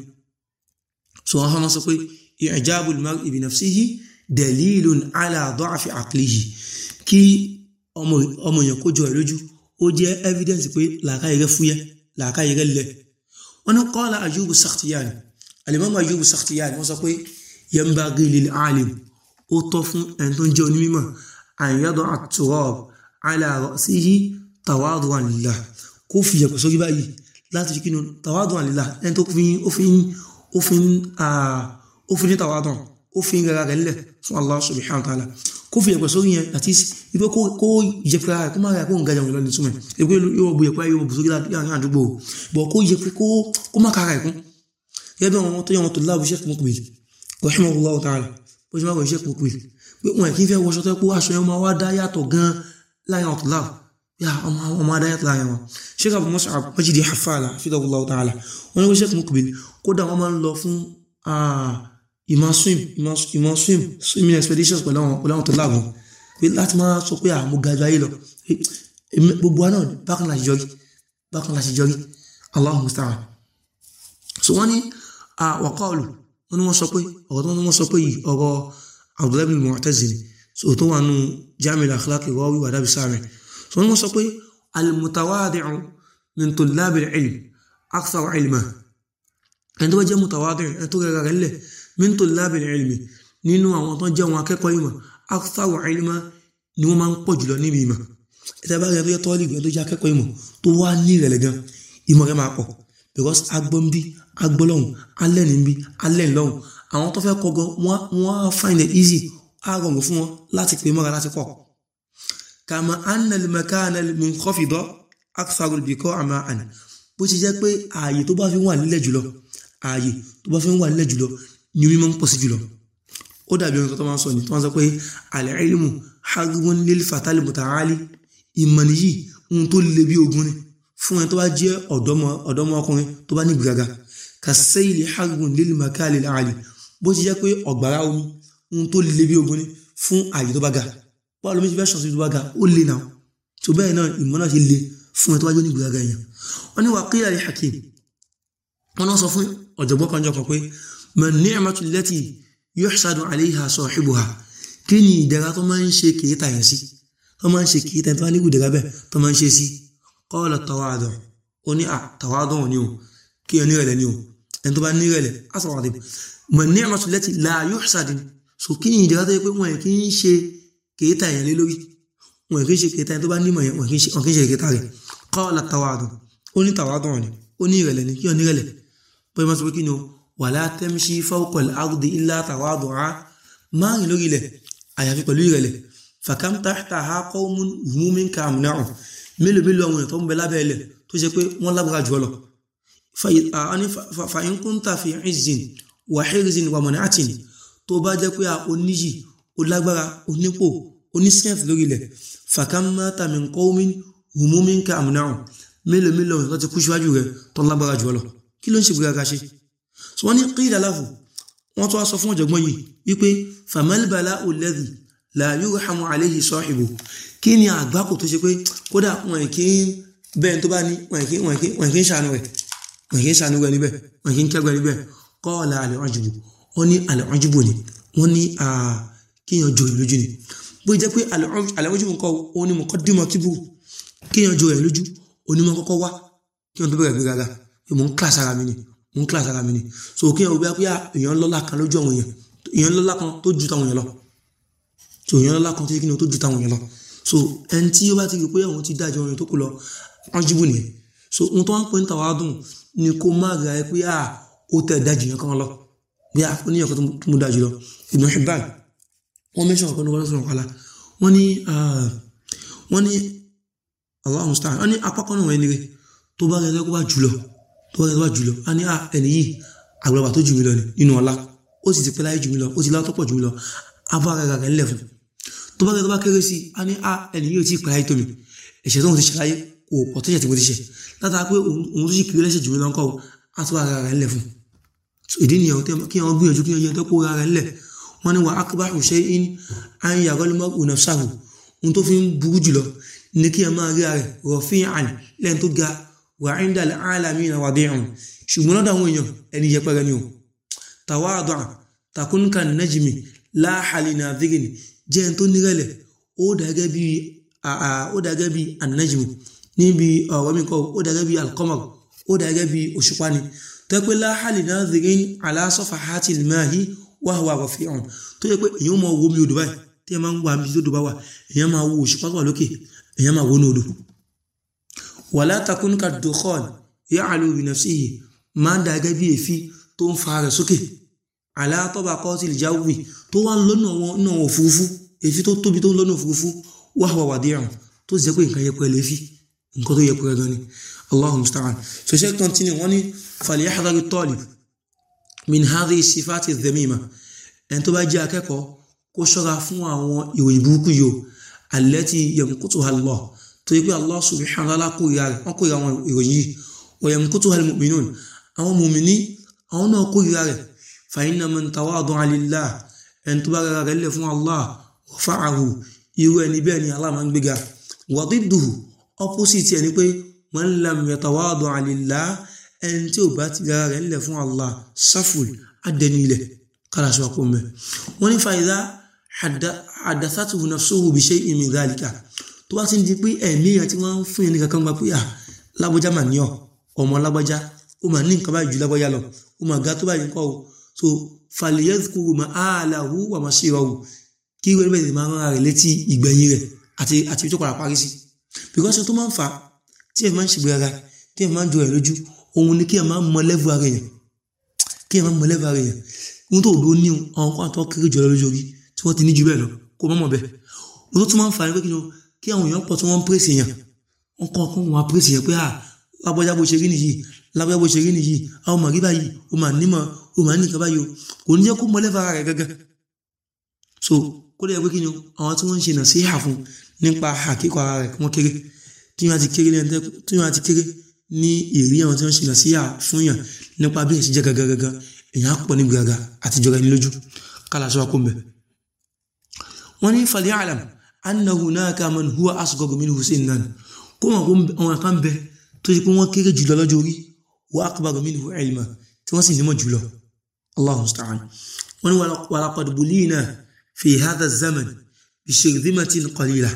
so àwọn ọmọ sọ pé i'jabu al-mar'i bi nafsihi dalilun ala dha'fi aqlihi kí ọmọ èèyàn kó jọ ẹ̀ lójú ó jẹ́ evidence pé làákàyè rẹ̀ fúyẹ́ làákàyè rẹ̀ lẹ̀ wọn ní qala ayubu sakhtiyani alimami ayubu sakhtiyani wọ́n sọ pé yanbaghi lil alim ó tọ́ fún ẹni tó ń jẹ́ onímọ̀ an yad'a at-turab ala ra'sihi kó fi yẹ̀pẹ̀ sórí báyìí láti fi kí ni tawadu'an lillah ẹni tó fi ó fi ó fi ń ah, ó fi ní tàwádàn ó fi ń rárá rẹ̀ lẹ̀ fún Allah subhanahu wa ta'ala kó fi ẹ̀pẹ̀ sórí yẹn àti ibi kó yẹpẹ̀ra rẹ̀ kó má rà kó ń gajà wọn lọ́nà ìtumẹ̀ ìpè yóò bu yẹpẹ̀ra yóò bu sórí láàrin àdúgbò bọ̀ kó yẹpẹ̀ kó má kára ẹ̀kún yẹ́bí àwọn tó yẹ wọn tó láàbù Sheikh Muqbil rahimahullahu ta'ala bó ṣe má wọ̀ Sheikh Muqbil pé wọn kì í fẹ́ wọṣọ tẹ́ pé aṣọ yẹn máa wá dá yàtọ̀ gan láàrin àwọn ìmọ̀ swim ìmọ̀ swim swimming expeditions pẹ̀lú àwọn pẹ̀lú àwọn tó láàgùn pé láti máa sọ pé àwọn gajù ayé lọ gbogbo wa náà bákan láti jọrí bákan láti jọrí Allahu musta'an so wọ́n ní àwọ̀kọ́ọ̀lù wọ́n ní wọ́n sọ pé ọ̀rọ̀ tó wọ́n sọ pé yìí ọ̀rọ̀ Abdullah bin Mu'tazili so tó wà nù Jami'ul Akhlaq rawi wa adabi sami so wọ́n ní wọ́n sọ pé al min tullabil ilm akthar ilma ẹni tó bá jẹ́ mutawadi'u ẹni tó gẹ̀gẹ̀ rẹ̀ min tullabil ilmi nínú àwọn tó jẹ́ wọn akẹ́kọ̀ọ́ ìmọ̀ aktharu ilma ni wọ́n máa ń pọ̀ jùlọ níbi ìmọ̀ ẹ̀tẹ́ bá rẹ̀ tó yẹ tọ́lì rẹ̀ tó jẹ́ akẹ́kọ̀ọ́ ìmọ̀ tó wá ní ìrẹ̀lẹ̀ gan ìmọ̀ rẹ̀ máa pọ̀ because agbọ́n bí agbọ́n lọ́hùn alẹ́ ní bí alẹ́ ní lọ́hùn àwọn tó fẹ́ kọ́ gan wọ́n wọ́n á find it easy á rọrùn fún wọn láti pè mọ́ra láti kọ́ kàmá anal makana munkhafida aktharu bìkọ́ àmà àná bó ti jẹ́ pé ààyè tó bá fi wà nílẹ̀ jùlọ ààyè tó bá fi wà nílẹ̀ jùlọ ni mímọ́ ń pọ̀ sí jùlọ ó dàbí ohun tó máa ń sọ ní tó máa ń sọ pé al-ilmu harbun lil fatal mutaali ìmọ̀ nìyí ohun tó le bí ogun ni fún ẹni tó bá jẹ́ ọ̀dọ́mọ ọkùnrin tó bá ní gbàgà kasayli harbun lil makali al-ali bó ti jẹ́ pé ọ̀gbàrá omi ohun tó le bí ogun ni fún àyè tó bá ga wọ́n lómi ti fẹ́ sọ̀tún tó bá ga ó le náà tó bẹ́ẹ̀ náà ìmọ̀ náà ṣe le fún ẹni tó bá jẹ́ onígbàgà èèyàn wọ́n ní wàá kíyà hakim ona náà sọ fún ọ̀jọ̀gbọ́n kan jọ kan pé mà ni'matu allati yuhsadu alayha sahibuha kí ni ìdẹ̀ra tó máa ń ṣe kìíta yẹn sí tó máa ń ṣe kìíta yẹn tó máa ń níwùdẹ̀ra bẹ́ẹ̀ tó máa ń ṣe sí qala tawadu ó ní àtàwádùn òní o kí ẹ nírẹ̀lẹ̀ ni o ẹni tó bá nírẹ̀lẹ̀ asọ̀rọ̀ àdìbò mà ni'matu allati la yuhsadu so kí ni ìdẹ̀ra tó yẹ pé wọ́n yẹ kí ń ṣe kìíta yẹn lé lórí wọ́n yẹ kí ń ṣe kìíta yẹn tó bá nímọ̀ yẹn wọ́n kì í ṣe qala tawadu ó ní tàwádùn òní ó ni kí ọ nírẹ̀lẹ̀ bóyá má sọ pé o wala tamshi fawqa al-ardi illa tawadu'a máa rìn lórí ilẹ̀ àyàfi pẹ̀lú ìrẹ̀lẹ̀ fakam tahtaha qawmun hum minka amna'u mélòó mélòó àwọn èèyàn tó ń bẹ lábẹ́ ilẹ̀ tó ṣe pé wọ́n lágbára jù ọ lọ. fa in kunta fi izzin wa hirzin wa man'atin tó bá jẹ́ pé oníyì olágbára onípò oníṣẹ́ǹtì lórí ilẹ̀ fakam mata min qawmin hum minka amna'u mélòó mélòó àwọn èèyàn ti kú síwájú rẹ̀ tó lágbára jù ọ lọ kí ló ń ṣe gbéraga ṣe so wọ́n ní qila lahu wọ́n tún wá sọ fún ọ̀jọ̀gbọ́n yìí wípé famal bala'u alladhi la yurhamu alayhi sahibu kí ni àgbákò tó ṣe pé kódà wọn kì í bẹ́ẹ̀ tó bá ní wọn kì í ṣàánú rẹ̀ wọn kì í ṣàánú rẹ̀ níbẹ̀ wọn kì í kẹ́gbẹ́ níbẹ̀ qala al-'ajbu wọ́n ní al-'ajbu ni wọ́n ní kíyàn jo ìlójú ni bó jẹ́ pé al-'ajbu nǹkan onímọ̀ kọ́kọ́ wá kíyàn ń kíláàsì ara mi ni so kí èèyàn wíwá kuya èèyàn lọ́lá kan lójú àwọn èèyàn èèyàn lọ́lá kan tó ju táwọn èèyàn lọ so èèyàn lọ́lá kan tó kí ni tó ju táwọn èèyàn lọ so ẹni tí ó bá ti rí pé àwọn ti dájọ orin tó kù lọ wọ́n jìbù so ohun tó wá ń pè ní tawadun ni kó má ra ẹ pé à ah, ó tẹ̀ dájú yẹn kan lọ bí a ní ọ̀kan tó mú dájú lọ Ibn Hibban wọ́n mẹ́sàn ọ̀kan ní wọ́n sọ̀rọ̀ kọ́lá wọ́n ní ah, wọ́n ní Allahu musta'an wọ́n ní apá kan náà wọ́n ẹni rẹ̀ tó bá rẹ̀ lẹ́kọ́ bá jù lọ tó wájú wá jùlọ á ní ah, ẹni yìí àgbàlagbà tó jù mí lọ ni nínú ọlá ó sì ti pẹ́ láyé jù mí lọ ó ti lá tó pọ̀ jù mí lọ afárá rẹ̀ ńlẹ̀ fún tó bá rẹ̀ tó bá kéré sí á ní ah, ẹni yìí ò tí ì pẹ́ láyé tó mi ẹ̀ṣẹ̀ tó ń ti ṣàlàyé kò pọ̀ tó yẹ tí mo ti ṣe látara pé òun tó sì kéré lẹ́sẹ̀ jù mí lọ ńkọ́ á tó ńlẹ̀ fún ìdí nìyẹn kí wọ́n gbìyànjú kí wọ́n yẹ wà inda al-alamina wadi'un ṣùgbọ́n lọ́dọ̀ àwọn èèyàn ẹni yẹpẹrẹ ni o tàwádọ́ takunka najmi láhàlì náà dígìn jẹ́ tó nírẹ̀lẹ̀ ó dàgẹ́ bí ó dàgẹ́ bí an-najmi níbi ọ̀rọ̀ mi kọ́ ó dàgẹ́ bí al-qamar ó dàgẹ́ bí òṣùpá ni tó yẹ pé láhàlì náà dígìn ala safahatil mahi wa huwa rafi'un tó yẹ pé èèyàn máa wo mi odò báyìí wàlá takun ka dukhon ya'lu bi nafsihi máa ń da gẹ́gẹ́ bí èéfín tó ń fa rẹ̀ sókè àlá tọ́ba kọ́sìlì jáwé tó wá lọ́nà wọn náà wọn òfurufú èéfín tó tóbi tó ń lọ́nà òfurufú wà wà wà díẹ̀ hàn tó sì jẹ́ pé nǹkan yẹpẹrẹ lè fi nǹkan tó yẹpẹrẹ gan ni Allahu musta'an ṣoṣẹ́ kọ́ntínì wọ́n ní falyahdhari talib min hadhihi sifati dhamima ẹni tó bá jẹ́ akẹ́kọ̀ọ́ kó ṣọ́ra fún àwọn ìròyìn burúkú yìí allati yamqutuha Allah tó yẹ pé Allah subhanahu wa ta'ala kó ìyá rẹ̀ wọ́n kó ìyá àwọn ìròyìn yìí ọ̀yẹ̀mú kó tó hal mu'minun àwọn mùmíní àwọn náà kó ìyá rẹ̀ fa inna man tawada'a lillah ẹni tó bá rẹ̀ rẹ̀ lẹ̀ fún Allah rafa'ahu irú ẹni bẹ́ẹ̀ ni Allah máa ń gbéga wa didduhu opposite ẹni pé man lam yatawada'a lillah ẹni tí ò bá ti rẹ̀ rẹ̀ lẹ̀ fún Allah sáfùl adẹnilẹ̀ kára sọ àkómẹ́ wọ́n ní fa idha haddathatuhu nafsuhu bi shay'in min tó bá ti ń di pé ẹ̀mí èèyàn tí wọ́n ń fún yẹn nìkan kan gba pé à lágbájá mà ní ọ ọmọ lágbájá ó mà ní nǹkan báyìí ju lágbájá lọ ó mà ga tó báyìí nǹkan o so falẹ̀yẹ́sìkúrò mà áàlàhù wà má ṣe ìrọ̀rùn kí irú ẹni bẹ́ẹ̀ ti máa rán ara rẹ̀ létí ìgbẹ̀yìn rẹ̀ àti àti tó padà parí sí because tó máa ń fà tí ẹ máa ń ṣègbéraga tí ẹ máa ń jọ ẹ lójú òun ni kí ẹ máa mọ lẹ́vù ara èèyàn kí ẹ máa mọ lẹ́vù ara èèyàn ohun tó dúró ní àwọn kan kéré jọ lójú orí tí wọ́n ti ní ju bẹ́ẹ̀ lọ kó má mọ̀ bẹ́ẹ̀ ohun tó tún máa ń fà ni pé kí ni kí àwọn èèyàn pọ̀ tí wọ́n ń pèsè yàn wọ́n kọ́ kó wọn pèsè yàn pé à ah, lábọ́já bó ṣe rí nìyí lábọ́já bó ṣe rí nìyí àwọn màrí báyìí o mà nímọ̀ o mà nìkan báyìí o kò ní jẹ́ kó mọlẹ́fà rẹ̀ gangan so kó lè yẹ pé kí ni àwọn tí wọ́n ń ṣe nà sí ìhà fún nípa àkíkọ ara rẹ̀ kí wọ́n kéré tí wọ́n ti kéré ní ìrí àwọn tí wọ́n ṣe nà sí ìhà fún yàn nípa bí èsì jẹ́ gangan gangan anna hunaka man huwa asgharu minhu sinnan kó wọn kó àwọn kan bẹ tó ṣe pé wọ́n kéré jùlọ lọ́jọ́ orí wa akbaru minhu ilma tí wọ́n sì nímọ̀ jùlọ Allahu musta'an wọ́n ní wa laqad bulina fi hadha zaman bi shirdimatin qalila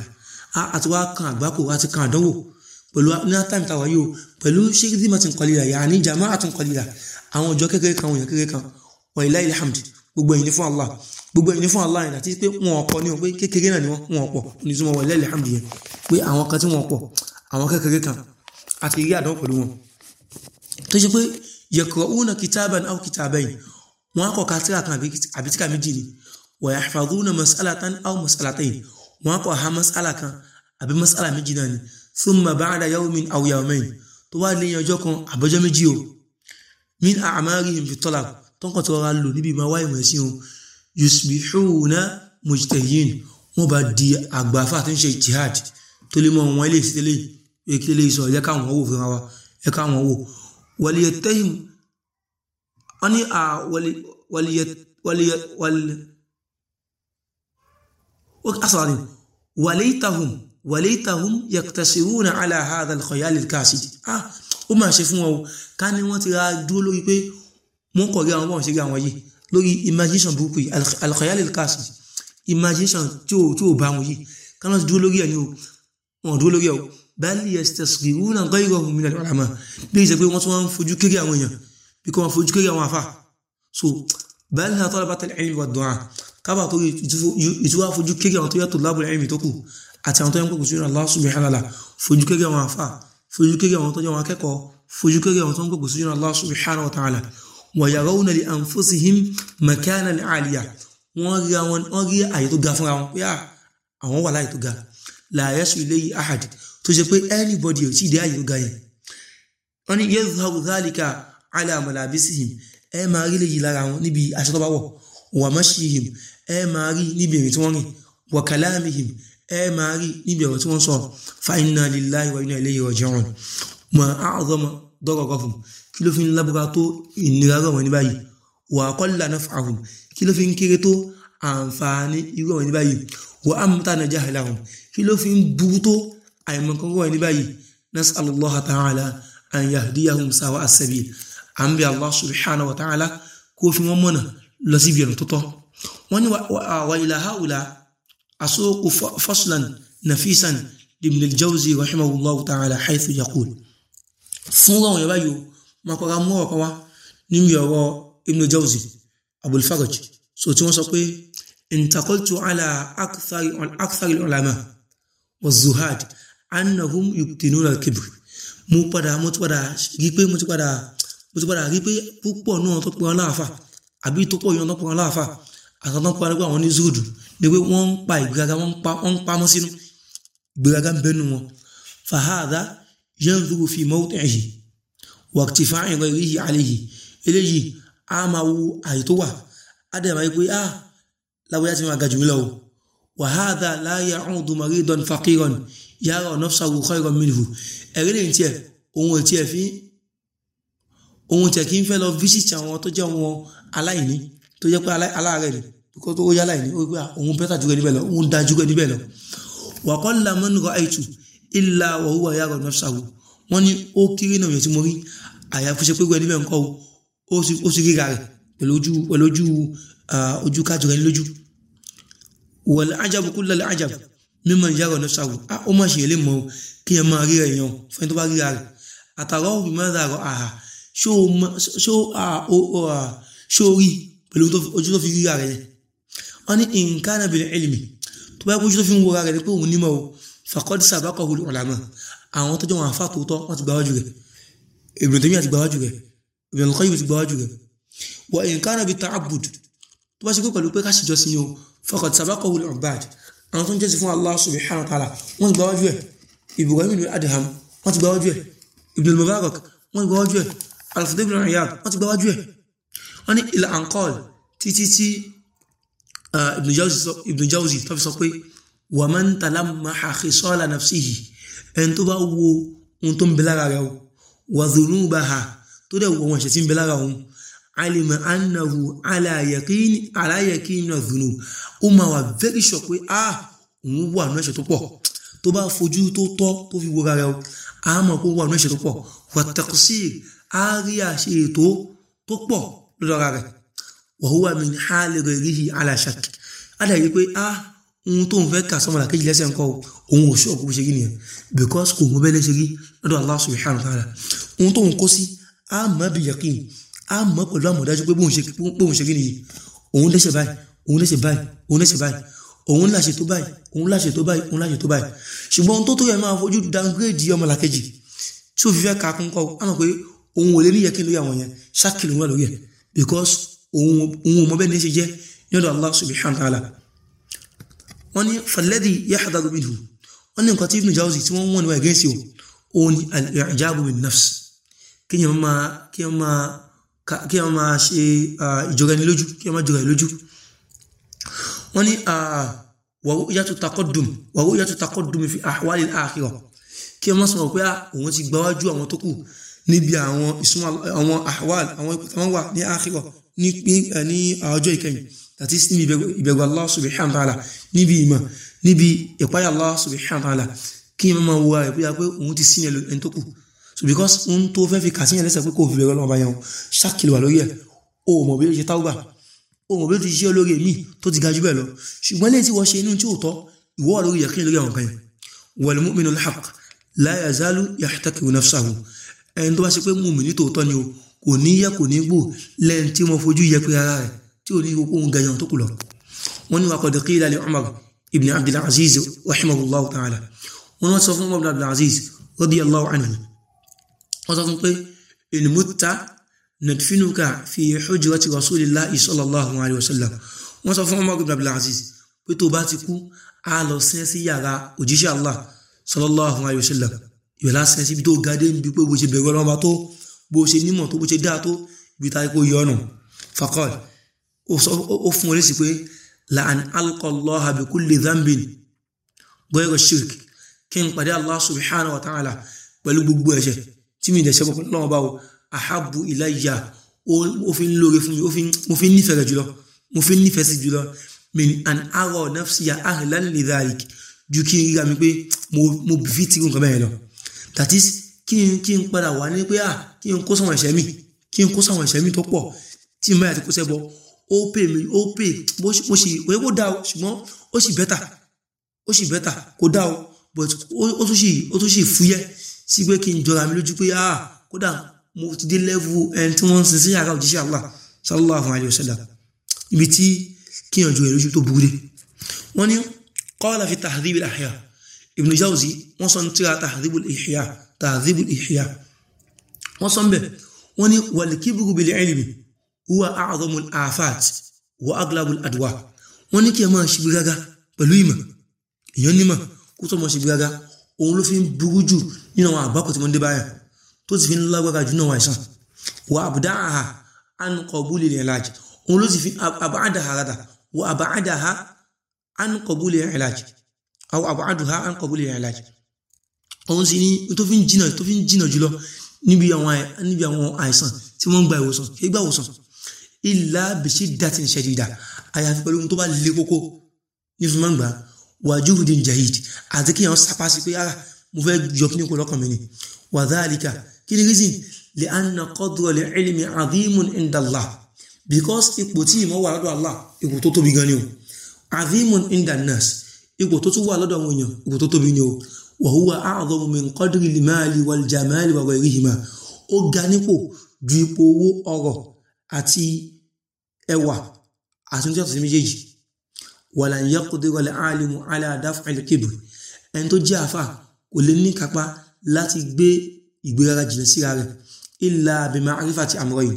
àti wá kan àgbákò àti kan àdánwò pẹ̀lú nathan tawayo pẹ̀lú shirdimatin qalila yaani jama'atin qalila àwọn ọjọ́ kékeré kan àwọn èèyàn kan wa ilahi alhamd gbogbo ẹ̀yìn ní fún Allah gbogbo ẹni fún Allah àti pé wọn ọ̀pọ̀ ní wọn pé kékeré náà ni wọn wọn ọ̀pọ̀ oníṣùmọ̀ wọlé alihamdu yẹn pé àwọn kan tí wọn ọ̀pọ̀ àwọn kékeré kan àti rí àdánwò pẹ̀lú wọn. tó ṣe pé yaqra'una kitaban aw kitabayn wọn akọ ka tíra kan àbí tíra méjì ni wa yahfazuna mas'alatan aw mas'alatayn wọn akọ ha mas'ala kan àbí mas'ala méjì náà ni thumma ba'da yawmin aw yawmayn tó wá tó ń yusbihuna mujtahin wọ́n bá di àgbàfà tó ń ṣe jihad tó lè mọ wọn ilé ìsítélé ìkílé ìsọ ẹ káwọn wò fún wa ẹ káwọn wò waliyatahim wọ́n ní à waliyatahim wàlẹ́tàhùn wàlẹ́tàhùn yaqtasiruna ala hadha al-khayal al-kasid ah ó máa ṣe fún wọn o ká ní wọ́n ti ra dúró lórí pé wọ́n kọ̀ rí àwọn bọ́ọ̀ ṣe rí àwọn yìí lórí imagination burúkú yìí alkhayal ilkasi imagination tí ò tí ò bá wọn yìí kánà dúró lórí ẹ̀ ni o wọn dúró lórí ẹ̀ o báyìí yẹsítẹ̀sì rúnà gọ́yìrọ̀ ọ̀hún mílẹ̀ ọ̀làmà bí ìṣẹ́ pé wọ́n tún wá ń fojú kéré àwọn èèyàn bí kò wọ́n fojú kéré àwọn àfà so báyìí náà tọ́lá bá tẹ̀lé ẹ̀yìn wà dùn án kábà tó ìtura fojú kéré àwọn tó yàtọ̀ lábùrẹ̀ ẹ̀yìn tó kù àti àwọn tó yẹn yẹ ń kókò wàyàrọ́wọ́n lè ànfọ́sihìm mẹ̀kánà lè àlìyà wọ́n rí àwọn wọ́n rí àyè tó ga fúnra wọn pé ah, àwọn wà láyè tó ga làyẹ̀sù ilé yìí ahad tó ṣe pé anybody ò tí ì dé àyè tó ga yẹn wọ́n ní yadhharu dhalika ala malabisihim ẹ máa rí léyìí lára wọn níbi aṣọ tó bá wọ̀ wa mashihim ẹ máa rí níbi ìrìn tí wọ́n rìn wa kalamihim ẹ máa rí níbi ọ̀rọ̀ tí wọ́n sọ fa inna lillahi wa inna kí ló fi ń lábúra tó ìnira rọ̀ wọ́n ní báyìí wà á kọ́ lànà fàáhùn kí ló fi ń kéré tó àǹfààní irú ọ̀rọ̀ ní báyìí wà á mú tànà jáde láhùn kí ló fi ń burú tó àìmọ̀kan rọ̀ ní báyìí nas'al Allah ta'ala an yahdiyahum sawa as-sabil à ń bẹ Allah subhanahu wa ta'ala kó fi wọ́n mọ̀nà lọ sí ibi ọ̀nà wọ́n ní wa ila haula asooku faslan nafisan libn al-Jawzi rahimahullahu ta'ala haythu yaqul fún rọ̀ wọ́n yẹ mọ́kànlá mú ọ̀kan wá nínú ọ̀rọ̀ Ibn Jawzi Abul Faraj so tí wọ́n sọ pé intakultu ala akthari ulama wa zuhad annahum yubtinuna al-kibr mo padà mo ti padà rí pé mo ti padà mo ti padà rí pé púpọ̀ náà tó pọ̀ láàfà àbí tó pọ̀ yàn tó pọ̀ láàfà àtàtàn pọ̀ alágbó àwọn ní zúdù ni pé wọ́n ń pa ìgbéraga wọ́n ń pa wọ́n sínú ìgbéraga ń bẹ́nu wọn fahadha yanzuru fi mawdi'ihi wàtífà ìrọ̀ ìríyì àlèyìí eléyìí a máa wo àyè tó wà á dẹ̀ máa pé a ah, láwùjá ti máa ga jù mí lọ o wàhádà láyé àwọn ọdúnmọ̀rí dán fàkírọ̀n yàrá ọ̀nàfṣàwò kọ́ìrọ̀ mìlìfù ẹ̀rí lè tiẹ̀ ohun ètí ẹ̀ fi ohun tẹ̀ kí n fẹ́ lọ visit àwọn tó jẹ́ wọn aláìní tó jẹ́ pé aláàárẹ̀ ni kó tó yá aláìní ó pé ah, òun bẹ́tà jùlọ níbẹ̀ lọ òun da níbẹ̀ lọ wàkọ́ lamọ́nù wọ́n ní ó kéré náà èèyàn tí mo rí àyàfi ṣe pé gbẹ́ni bẹ́ẹ̀ o ó sì ríra rẹ̀ pẹ̀lú ojú ojú kájọ rẹ̀ lójú. wal ajabu kullal ajab mimman yara nafsahu a ó má ṣe èlé mọ́ o kí ẹ máa ríra èèyàn fẹ́ni tó bá ríra rẹ̀ àtàrà òbí má dàrọ̀ àhà ṣó rí pẹ̀lú ojú tó fi ríra rẹ̀ yẹn wọ́n ní in kana bil ilmi tó bá yẹ kó ojú tó fi ń wọra rẹ̀ ni pé òun nímọ̀ o faqad sabaqahu al ulama àwọn tó jẹ́ wọn àfáà tòótọ́ wọ́n ti gba wájú rẹ̀ Ibn Taymiyyah ti gba wájú rẹ̀ Ibn Qayyim ti gba wájú rẹ̀ wọ nǹkan bíi ta'abbud tó bá ṣe pé pẹ̀lú pé ká ṣèjọ sí ni o faqad sabaqahu al-'ibad àwọn tó ń jẹ́sìn fún Allah subhanahu wa ta'ala wọ́n ti gba wájú ẹ̀ Ibrahim ibn Adham wọ́n ti gba wájú ẹ̀ Ibn al-Mubarak wọ́n ti gba wájú ẹ̀ al-Fudayl ibn ti gba wájú ẹ̀ ẹni tó bá wo ohun tó ń bẹ lára rẹ̀ o wàzùrù bá a tó dẹ̀ wo ohun ẹ̀ṣẹ̀ tí ń bẹ lára òun alima anahu alayakini alayakini azunu ó máa wà very sure pé a ah, òun wà nínú ẹ̀ṣẹ̀ tó pọ̀ tó bá fojú tó tọ́ tó fi wo ara rẹ̀ o a mọ̀ pé wà nínú ẹ̀ṣẹ̀ tó pọ̀ wàtàkùsír a rí àṣe ètò tó pọ̀ lọ́dọ̀ ara rẹ̀ wàhùwà min hali rẹ̀ ríhi aláṣàkì á pé a. Ah, ohun tó ń fẹ́ kà sọ́mọ́lá kejì lẹ́sẹ̀ ńkọ́ òun ò ṣọ́ọ̀bù ṣe kí nìyẹn because kò mọ bẹ́lẹ́ ṣe rí lọ́dọ̀ Allah subhanahu wa ta'ala ohun tó ń kó sí a mọ̀ bí yakin a mọ̀ pẹ̀lú àmọ̀dájú pé bóun ṣe kí nìyí òun lẹ́sẹ̀ báyìí òun lẹ́sẹ̀ báyìí òun lẹ́sẹ̀ báyìí òun láṣẹ tó báyìí òun láṣẹ tó báyìí òun láṣẹ tó báyìí ṣùgbọ́n tó tó yẹ máa fojú downgrade ọmọlá kejì tí ó fi fẹ́ ka kún kọ́ á mọ̀ pé òun ò lè ní yakin lórí àwọn yẹn ṣáàkì lòun wà lórí ẹ̀ because òun ò mọ bẹ́ẹ̀ ní ṣe jẹ́ ní ọ̀dọ̀ Allah subhanahu wa ta'ala wọ́n ní falladhi yahdharu minhu wọ́n ní nǹkan tí Ibn Jawzi tí wọ́n wọ́n ní wáyé gẹ́sì o òun ni al-i'jabu bin nafs kéèyàn máa kéèyàn máa kéèyàn máa ṣe ìjọra ẹni lójú kéèyàn máa jọra ẹni lójú wọ́n ní wa ru'yatu taqaddum wa ru'yatu taqaddum fi ahwali al-akhirah kí wọ́n sọ pé àwọn ti gbáwájú àwọn tó kù níbi àwọn ìsúnmọ́ àwọn àwọn ìpàtàwọn wà ní àkírọ̀ ní ọjọ́ ìkẹyìn that is níbi ìbẹ̀rù Allah subhanahu wa ta'ala níbi ìmọ̀ níbi ìpáyà Allah subhanahu wa ta'ala kí n máa wo ara ìpínlẹ̀ pé òun ti sí ẹni tó kù so because òun tó fẹ́ fi kàsíyàn lẹ́sẹ̀ pé kò fi bẹ̀rù ọlọ́mọba yẹn ṣàkìlọ̀ wà lórí ẹ̀ o mọ̀ bí ó ṣe táwùbà o mọ̀ bí ó ti ṣe olórí èmi tó ti ga jù bẹ́ẹ̀ lọ ṣùgbọ́n lẹ́yìn tí wọ́n ṣe inú tí ò tọ́ ìwọ́ wà lórí yẹ̀kín lórí àwọn kan yẹn wal mu'minu al-haq la yazalu yahtakiru nafsahu tí ò ní gbogbo ohun gẹ̀yàn tó kù lọ wọ́n ní wàkọ̀dẹ̀ kí ilẹ̀ Umar ibn Abdul Aziz rahimahullahu ta'ala wọ́n wọ́n sọ fún Umar ibn Abdul Aziz radiyallahu anhu wọ́n sọ fún pé in mutta nadfinuka fi hujrati rasulillahi sallallahu alayhi wa sallam wọ́n sọ fún Umar ibn Abdul Aziz pé tó bá ti kú a lọ sin sí yàrá òjíṣẹ́ Allah sallallahu alayhi ìwé lásán síbi tó ga dé pé bó ṣe bẹ̀rù ọlọ́mọba tó bó ṣe nímọ̀ tó bó ṣe dáa tó ibi tá a kó yọ ó fún orí sí pé la an alqallaha bi kulli dhanbin bọ́yọ̀ shirk kí n pàdé allah subhanahu wa ta'ala pẹ̀lú gbogbo ẹ̀ṣẹ̀ tí mi dẹ̀ṣẹ̀ pẹ̀lú lọ́wọ́ báwo ahabu ilayya ó fi ń lóore fún mi mo fi ń nífẹ̀ẹ́ rẹ̀ jùlọ mo fi ń nífẹ̀ẹ́ sí jùlọ min an ara nafsiya ahlan li dhalik ju kí n ríra mi pé mo bìfí tí nǹkan bẹ́ẹ̀ lọ that is kí n padà wà ní pé ah kí n kó sáwọn ẹ̀ṣẹ̀ mi kí n kó sáwọn ẹ̀ṣẹ̀ mi tó pọ̀ tí n báyà ti kó sẹ́bọ̀ ó pè mí ó pè mo sì pé kó dá o ṣùgbọ́n ó sì bẹ́tà ó sì bẹ́tà kó dá o but ó tún sì ó tún sì fúyẹ́ sí pé kí n jọra mi lójú pé ah kódà mo ti dé level ẹni tí wọ́n ń sin sí yàrá òjíṣẹ́ Allah sallallahu alayhi wa sallam ibi tí kíyànjú ẹ̀ lójú tó burú dé wọ́n ní qala fi tahdhib al-ihya Ibn Jawzi wọ́n sọ ní tíra tahdhib al-ihya tahdhib al-ihya wọ́n sọ ń bẹ̀ wọ́n ní wal kibru bil ilmi huwa a'zamul afat wa aglabul adwa wọ́n ní kí ẹ máa ṣubú gágá pẹ̀lú ìmọ̀ èèyàn nímọ̀ kó tó máa ṣubú gágá òun ló fi ń burú jù nínú àwọn àbákò tí wọ́n dé báyà tó ti fi ń lágbára jù náà àìsàn wà àbùdá àhà ànukọ̀bùlì ìrìnàjì òun ló ti fi àbáàdà àràdà wà àbáàdà ha ànukọ̀bùlì ìrìnàjì àwọn àbáàdù ha ànukọ̀bùlì ìrìnàjì òun sì ni tó fi ń jìnà tó fi ń jìnà jùlọ níbi àwọn àìsàn tí wọ́n gba ìwòsàn kí gbà ìwòsàn ilà bìsí dàtí ní ṣẹ́dídà àyàfi pẹ̀lú ohun tó bá le koko ní fún mọ́ngbà wàjú ìdí jahid àti kí àwọn sápá sí pé ara ah, mo fẹ́ yọ kí ní kò lọ́kàn mi ni wàdálíkà kí ni reason lè anna qadra lè ilmi adhimun inda Allah because ipò tí ìmọ̀ wà lọ́dọ̀ Allah ipò tó tóbi gan ni o adhimun inda nas ipò tó tún wà lọ́dọ̀ àwọn èèyàn ipò tó tóbi ni o wa huwa a'dhamu min qadri limali wal jamali wa ghayrihima ó ga nípò ju ipò owó ọrọ̀ àti ẹwà àti nítorí ọ̀sẹ̀ méjèèjì wàlà yaqdiru alimu ala daf'il kibri ẹni tó jẹ́ àfà kò lè ní kápá láti gbé ìgbéraga jìnnà síra rẹ̀ illa bi ma'rifati amrayn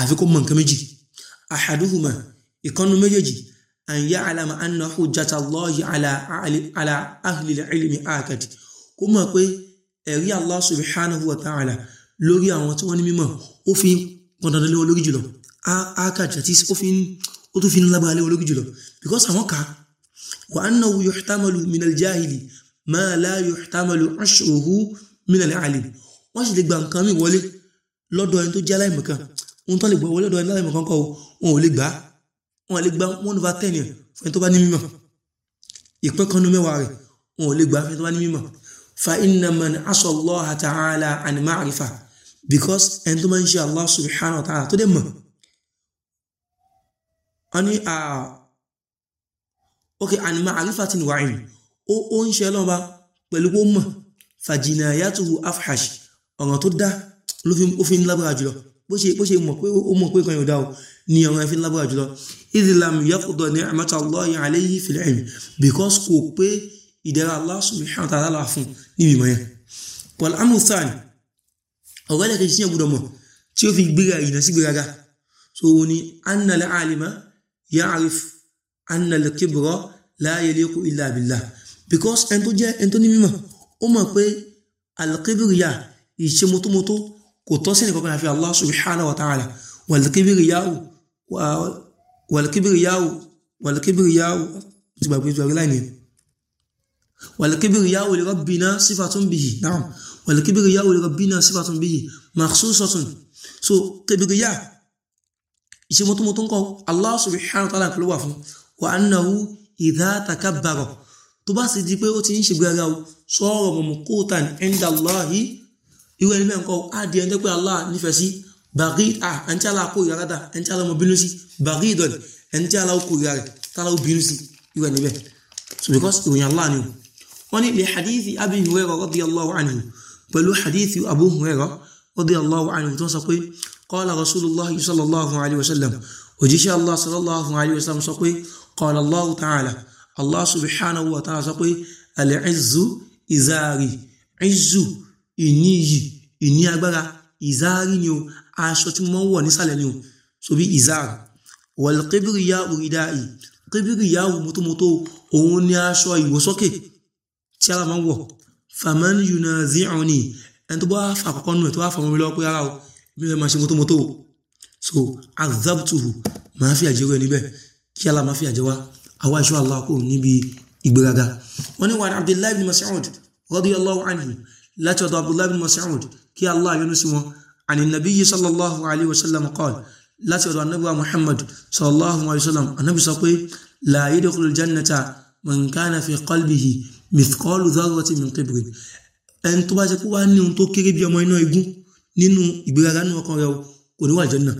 àfi kó mọ nǹkan méjì ahaduhuma ìkànnù méjèèjì an ya'lama anna hujjata Allahi ala ahli al-ilmi akad kó mọ̀ pé ẹ̀rí Allah subhanahu wa ta'ala lórí àwọn tí wọ́n ní mímọ̀ ó fi pọ̀ndọ̀dọ̀ lórí jùlọ ákàjì àti ó fi ń ó tún fi ń lágbára lé ológun jùlọ because àwọn kà wà á náwó yuhtamalu minal jahili máa la yuhtamalu ashruhu minal alim wọ́n sì lè gba nǹkan mi wọlé lọ́dọ̀ ẹni tó jẹ́ aláìmọ̀kan ohun tó lè gbà wọlé lọ́dọ̀ ẹni aláìmọ̀kan kọ́ wọn ò lè gbà wọn ò lè gbà one over ten yẹn fún ẹni tó bá ní mímọ̀ kan nu mẹ́wàá rẹ̀ wọn ò lè gbà fún ẹni tó bá ní fa inna man asa Allah ta'ala an ma'rifa because ẹni tó máa ń Allah subhanahu wa ta'ala tó dẹ̀ mọ̀ wọ́n ní ah, ok ànìmọ́ àrífà tí nìwà rìn ó ó ń ṣe lọ́ba pẹ̀lú pé ó mọ̀ fàjìnà yàtúwò afhash ọ̀ràn tó dá ló fi ń lágbára jùlọ bó ṣe bó ṣe mọ̀ pé ó mọ̀ pé kan yóò dá o ní ọ̀ràn fi ń lágbára jùlọ ìdílàmù yàkùdọ̀ ní àmọ́tà lọ́ọ̀yà àléyìí fìlẹ̀ ẹ̀mí because kò pé ìdẹ̀ra Allah subhanahu wa ta'ala fún níbi ìmọ̀ yẹn pọ̀lá amúsàn ọ̀rọ̀ ẹ̀lẹ́kẹ̀ẹ́ sí ẹ̀gbọ́dọ̀ mọ̀ tí ó fi gbéra ìyìnà sí gbéraga so wọn ni annal alima يعرف أن الكبر لا يليق إلا بالله because أنتو جاء أنتو نيمة أما كوي الكبر يا يشي موتو موتو كتوسين كوكنا في الله سبحانه وتعالى والكبر يا والكبر يا والكبر يا والكبر يا لربنا صفة به نعم والكبر يا لربنا صفة به مخصوصة so كبر يا ìṣe mọ́tòmọ́tò ń kọ́ Allah subhanahu wa ta'ala ló wà fún wa annahu idha takabbara tó bá sì di pé ó ti ń ṣègbéraga o sọ̀rọ̀ mọ̀mọ́ kóòtà ní inda Allahi irú ẹni bẹ́ẹ̀ ń kọ́ á di ẹni tó pé Allah nífẹ̀ẹ́ sí bàrí à ah, ẹni tí Allah kó ìyá rádà ẹni tí Allah mọ bínú sí bàrí ìdọ̀lẹ̀ so because ìròyìn Allah ni wọ́n ní lè hadithi Abi Hurairah radiyallahu anhu pẹ̀lú hadithi Abu Hurairah radiyallahu anhu tó sọ pé qala rasulullahi sallallahu alayhi wa sallam òjíṣẹ́ allah sallallahu alayhi wa sallam sọ pé qala allah ta'ala allah subhanahu wa ta'ala sọ pé al-izzu izari izzu ìníyì ìní agbára ìzari ni o aṣọ tí mo wọ̀ nísàlẹ̀ ni o so bí ìzari wal qibriya uridai qibriya mọ́tòmọ́tò òun ni aṣọ ìwọ̀sókè tí a máa ń wọ̀ faman yunazi'uni ẹni tó bá fà àkọ́kọ́ nù ẹ̀ tó bá fà mọ́mi lọ́wọ́ pé rárá o mi fẹ́ máa ṣe mọ́tòmọ́tò o so azabtuhu máa fi àjẹwò ẹ níbẹ̀ kí Allah máa fi àjẹwà àwa insha Allah kò níbi ìgbéraga wọn ní wà ní Abdullahi ibn Mas'ud radiyallahu anhu láti ọ̀dọ̀ Abdullahi ibn Mas'ud kí Allah yọ́nú sí wọn àní nabiyyi sallallahu alayhi wa sallam qala láti ọ̀dọ̀ anabi wa Muhammad sallallahu alayhi wa sallam anabi sọ pé la yadkhulul jannata man kana fi qalbihi mithqalu dharratin min kibrin ẹni tó bá ṣe kó wá ní ohun tó kéré bí ọmọ iná igun nínú ìgbéraga nínú ọkàn rẹ o kò ní wà jẹ́ náà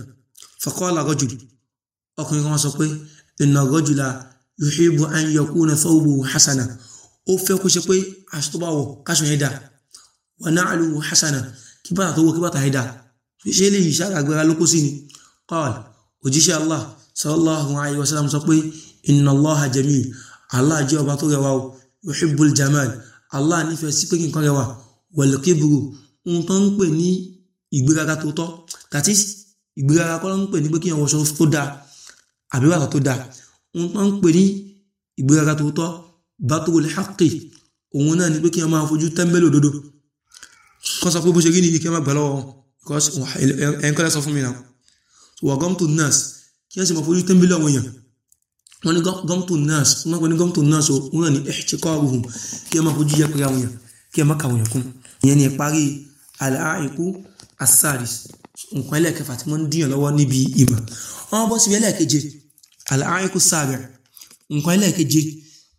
faqala rajul ọkùnrin kan sọ pé inna rajula yuhibbu an yakuna thawbuhu hasana ó fẹ́ kó ṣe pé aṣọ tó bá wọ̀ káṣọ yẹn dà wa na'luhu hasana kí bàtà tó wọ̀ kí bàtà yẹn dà ṣe lè yìí ṣáà àgbẹ̀rẹ̀ lókó sí ni qal òjíṣẹ́ allah sallallahu alayhi wa sallam sọ pé inna allaha jamil allah jẹ́ ọba tó rẹwà o yuhibbul jamal Allah nífẹ̀ẹ́ sí pé kí nǹkan rẹwà wẹ̀lẹ́kébùrù ohun tó ń pè ní ìgbéraga tó tọ́ that is ìgbéraga kọ́ ló ń pè ní pé kí ọwọ́ṣọ tó dáa àbí wàtà tó dáa ohun tó ń pè ní ìgbéraga tó tọ́ batul haqqi òun náà ni pé kí wọ́n máa fojú tẹ́ḿbẹ́lì òdodo kọ́ sọ pé bó ṣe rí nìyí kí wọ́n máa gbà lọ́wọ́ because ẹ̀ ń kọ́lẹ́ sọ fún mi náà wàgọ́mtò nurse kí wọ́n sì máa fojú tẹ́ḿbẹ́lì àwọn èèyàn wọ́n ní gọ́mtò nurse wọ́n ní gọ́mtò nurse o wọ́n ní ẹ̀ṣẹ̀kọ́rùhùn kí ẹ máa fojú yẹ pé àwọn èèyàn kí ẹ máa kàwọn èèyàn kún ìyẹn ni ẹ parí àlàáìkú asaris nǹkan ẹlẹ́ẹ̀kẹfà tí wọ́n ń dìyàn lọ́wọ́ níbi ìmọ̀ wọ́n bọ́ síbi ẹlẹ́ẹ̀keje àlàáìkú sábẹ̀ nǹkan ẹlẹ́ẹ̀keje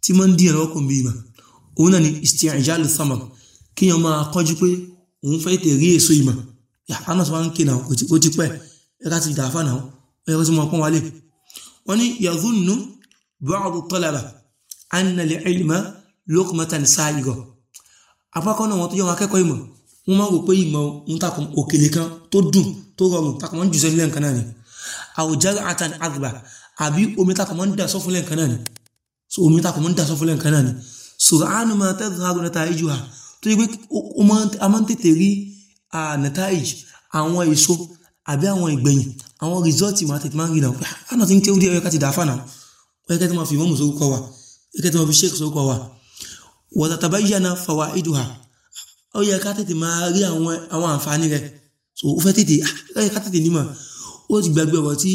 tí wọ́n ń dìyàn lọ́wọ́ kò bí ìmọ̀ òun náà ni isti'jalu thamar kí èèyàn máa kọjú pé òun fẹ́ tẹ̀ rí èso ìmọ̀ yàrá ba'du talaba anna al-ilma luqmatan sa'iga apá kan náà wọ́n tó yọ wọn akẹ́kọ̀ọ́ ìmọ̀ wọ́n máa ń rò pé ìmọ̀ ń takùn òkèlè kan tó dùn tó rọrùn takùn máa ń jùsọ nílẹ̀ nǹkan náà ni àwùjára atan àgbà àbí omi takùn máa ń dà sọ́fúnlẹ̀ nǹkan náà ni so omi takùn máa ń dà sọ́fúnlẹ̀ nǹkan náà ni so àánú máa tẹ́tù àrùn nàta ìjù hà tó yẹ pé a máa ń tètè rí nàta ìjù àwọn èso àbí àwọn ìgbẹ̀yìn àwọn rìsọ́ọ̀tì máa tètè máa ń rí náà ah, ó yẹ kẹ́ tó máa fi ìmọ̀mù sórúkọ wa ó yẹ kẹ́ tó máa fi sheikh sórúkọ wa watatabayyana fawaiduha ó yẹ ká tètè máa rí àwọn àwọn àǹfààní rẹ̀ so ó fẹ́ tètè ah, ó yẹ ká tètè nímọ̀ ó ti gbàgbé ọ̀rọ̀ tí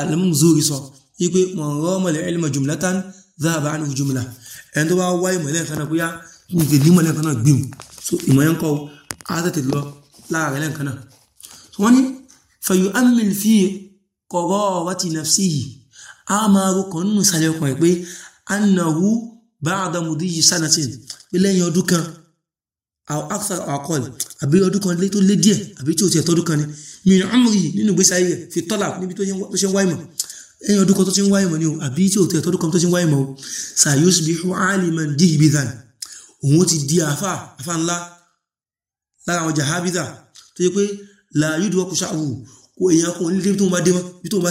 al-Imam sọ wípé man rama al-ilma jumlatan jumla ẹni tó bá wá ìmọ̀ lẹ́ẹ̀kan náà bóyá nìkan nímọ̀ lẹ́ẹ̀kan náà gbìm so ìmọ̀ yẹn kọ́ á tètè lọ náà so wọ́n ní fayu'amil fi qararati a máa ro kàn nínú ìsàlẹ̀ ọkàn rẹ̀ pé annahu ba'da mudiyyi sanatin pé lẹ́yìn ọdún kan akthar akọọlù àbí ọdún kan lé tó lé díẹ̀ àbí tí o tiẹ̀ tọ́dún kan ni min umri nínú ìgbésí ayé rẹ̀ fi tọ́lá níbi tó ṣe ń wá ìmọ̀ ẹ̀yìn ọdún kan tó ṣe ń wá ìmọ̀ ni o àbí tí o tiẹ̀ tọ́dún kan tó ṣe ń wá ìmọ̀ o sayusbihu aliman dihbidan òun ti di àfa àfa ńlá lára àwọn jahabida tó yẹ pé làyúdùwọ́kùsáwù kò èèyàn kò ní débi tó ń bá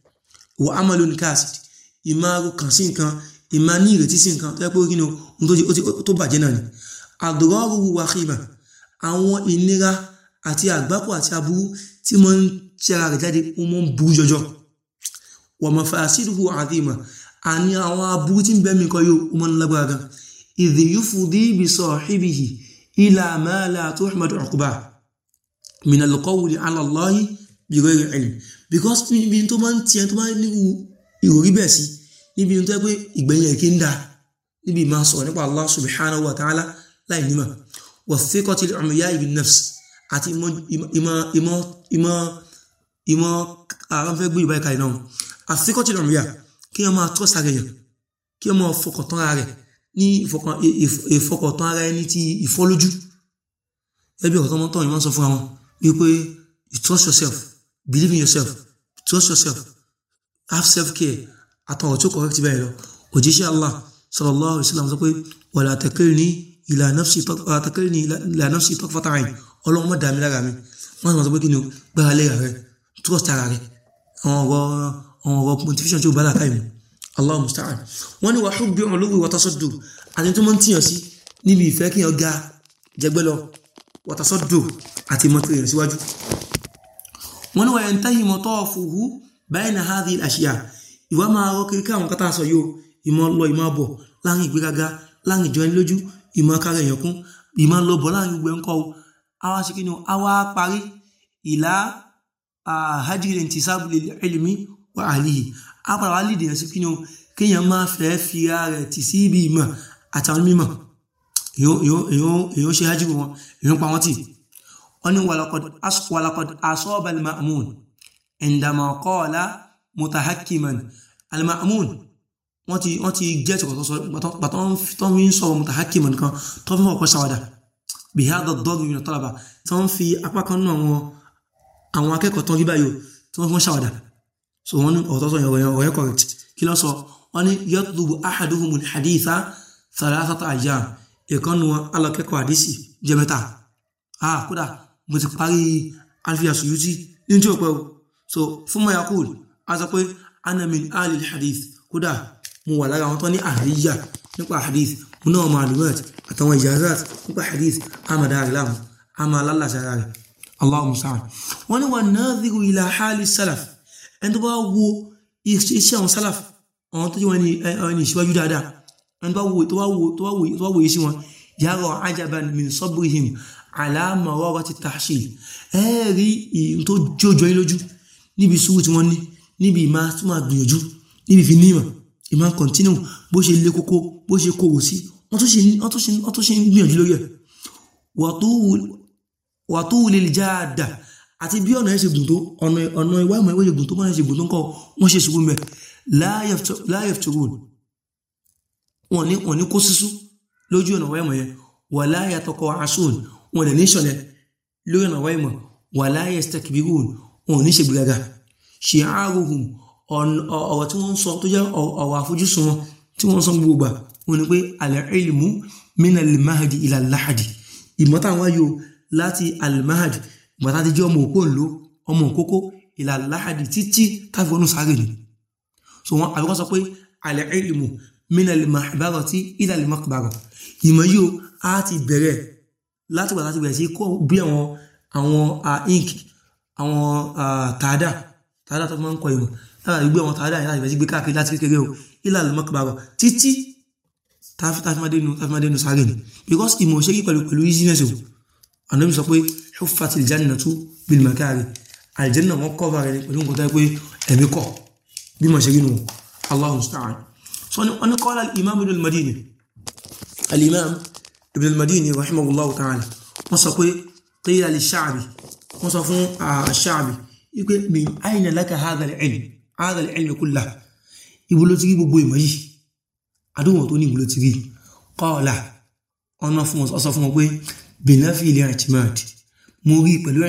wò amalu nkasid ìmá kàn sí nǹkan ìmá ní ìrètí sí nǹkan tó yẹ pé kí ni ohun tó bàjẹ́ náà ni àdúrọ́rù wàhíìmà àwọn ìnira àti àgbákò àti aburú tí mo ń ṣera rẹ̀ jáde ó mọ́ ń burú jọjọ wàmọ̀ fàásìlùkù àdìmọ̀ àní àwọn aburú tí ń bẹ́mi kọ́ yóò ó mọ́ ń lágbára gan ìdìyúfù dìbì sọ ṣíbìhì ilà àmàlà tó ṣùmọ́dọ̀ ọ̀kúbà mìnàlùkọ́wùlì alàlọ́yìn bìrẹ̀ ilm because níbi tó máa ń tiẹ̀ tó máa ń níwu ìròrí bẹ̀ sí níbi tó yẹ pé ìgbẹ̀yìn ẹ̀ kí ń da níbi máa sọ̀rọ̀ nípa Allah subhanahu wa ta'ala láì nímọ̀ wà fíkọ́tì ọmọọyá ibi nafs àti ìmọ̀ ìmọ̀ ìmọ̀ ìmọ̀ àwọn fẹ́ gbé ìbá ìka ìnáwó àfíkọ́tì ọmọọyá kí wọ́n máa tọ́ sáré yàn kí wọ́n máa fọkàntán ara rẹ̀ ní ìfọkàntán ara ẹni ti ìfọ́lójú ẹbí ọ̀tọ́ mọ́tọ́ yìí máa ń sọ fún àwọn wípé you trust yourself believe in yourself trust yourself have self care àtàwọn tí correct bẹ́ẹ̀ lọ òjíṣẹ́ allah sallallahu alayhi wa sallam sọ pé wàlá takilni ila nafsi takilni ila nafsi taqfata ayn ọlọ́run má dàmí lára mi wọ́n sọ pé kí ni o gbára lé rẹ trust ara rẹ àwọn ọ̀rọ̀ àwọn ọ̀rọ̀ motivation tí o bá là káyìí allah musta'an wọ́n ní wàá hubbi ulwi wa tasaddu àti tó máa ń tiyàn sí níbi ìfẹ́ kí yẹn ga jẹgbẹ́ lọ wa tasaddu àti mọ́tò wọ́n ní wà yantahi matafuhu bayna hadhihi al-ashya ìwà máa rọ kiri káwọn kátà sọ yóò ìmọ̀ lọ ìmọ̀ bọ̀ láàrin ìgbéraga láàrin ìjọ ẹni lójú ìmọ̀ kára èèyàn kún ìmọ̀ lọ bọ̀ láàrin gbogbo ẹ̀ńkọ́ o àwa ṣe kí ni àwa parí ìlà hajjiri intisabu lil ilmi wa ahlihi àpàlà wà lìdìyàn sí kéèyàn máa fẹ́ fi ara rẹ̀ tì sí ibi ìmọ̀ àtàwọn mímọ̀ èèyàn ṣe hajjiri wọn èèyàn pa wọn tì wọ́n ní walakod asọ́ba al-ma'mun indama qala mutahakiman al-ma'mun wọ́n ti wọ́n ti jẹ́ ti kọ̀tọ́ sọ pàtó tó ń fi ń sọ̀rọ̀ mutahakiman kan tó fi ń kọ̀ sáwádà bí i hádọ̀ dọ́gì yìí tọ́lábà tó ń fi apá kan náà wọn àwọn akẹ́kọ̀ọ́ tó ń rí báyò tó ń fi ń sáwádà so wọ́n ní ọ̀tọ́ sọ yẹn ọ̀rẹ́ correct mo ti parí alfiya suyuti ní tí ó pẹ́ o so fún mọ́ yakul a sọ pé anamin alil hadith kódà mo wà lára àwọn tó ní àríyá nípa hadith mo náà malumat àtàwọn ijazat nípa hadith a máa dára láàmú a máa lálàṣà ara rẹ̀ Allahu musta'an wọ́n ní wà nadhiru ila hali salaf ẹni tó bá wo iṣẹ́ àwọn salaf àwọn tó jẹ́ wọn ní ìṣíwájú dáadáa ẹni tó bá wo iṣẹ́ wọn yàrá ajaban min sabrihim aláàmọ̀rọ̀ ti tàṣìl ẹ̀ẹ́rí ìrù tó jójọ yín lójú níbi sùúrù tí wọ́n ní níbi ìmá tó máa gbìyànjú níbi fi níìmọ̀ ìmá kọ̀ntínú bó ṣe lé kókó bó ṣe kòrò sí wọ́n tó ṣe ń gbìyànjú lórí ẹ̀ wà tó wulè já dà àti bí ọ̀nà ẹ̀ ṣe gùn tó ọ̀nà ìwà ìmọ̀ ìwé ṣe gùn tó mọ̀ ẹ̀ ṣe gùn tó ń kọ́ wọ́n ṣe sùúrù mẹ́ láyẹ̀ tó rò wọ́n tọkọ asóòn wọn dẹ̀ ní ṣọ̀lẹ̀ lórí ìrànwọ́ ìmọ̀ wala yastakbirun wọn ò ní ṣe gbìyàgà shi'aruhum ọ̀rọ̀ tí wọ́n ń sọ tó jẹ́ ọ̀rọ̀ àfojúsùn wọn tí wọ́n ń sọ gbogbo gbà wọn ni pé al-ilmu min al-mahdi ila al-lahdi ìmọ̀ láti al-mahdi ti jẹ́ ọmọ òpó ọmọ òkókó ila al títí káfíwọ́n nù sáré ni so wọn àbíkọ́ sọ pé al-ilmu min al-mahbarati ila ìmọ̀ yìí á ti bẹ̀rẹ̀ látìgbà láti bẹ̀rẹ̀ sí kó bí àwọn àwọn ah, ink àwọn ah, tàádà tàádà tó máa ń kọ ìwọ̀ láti gbé àwọn tàádà yìí láti bẹ̀rẹ̀ sí gbé káàkiri láti kékeré o ilà lọ́mọkàbàbà títí tafimádénu tafimádénu sáré ni because ìmọ̀ ṣe kí pẹ̀lú pẹ̀lú easiness o ànábi sọ pé huffat aljannatu bil makari aljanna wọn kọ́ bàrẹ̀ pẹ̀lú nǹkan tó yẹ pé ẹ̀mí kọ̀ bí mo ṣe rí nu Allahu musta'an so wọn ni qala al-imam ibn Ibn al-Madini rahimahullahu ta'ala wọ́n sọ pé qila li Sha'bi wọ́n sọ fún Sha'bi wípé min ayna laka hadha al-ilm hadha al-ilm kullahu ìbúlò ti rí gbogbo ìmọ̀ yìí adúmọ̀ tó ní ìbúlò ti rí qala ọ̀nà fún ọsọ fún wọn pé bìnáfì ilé àtìmáàd mo rí pẹ̀lú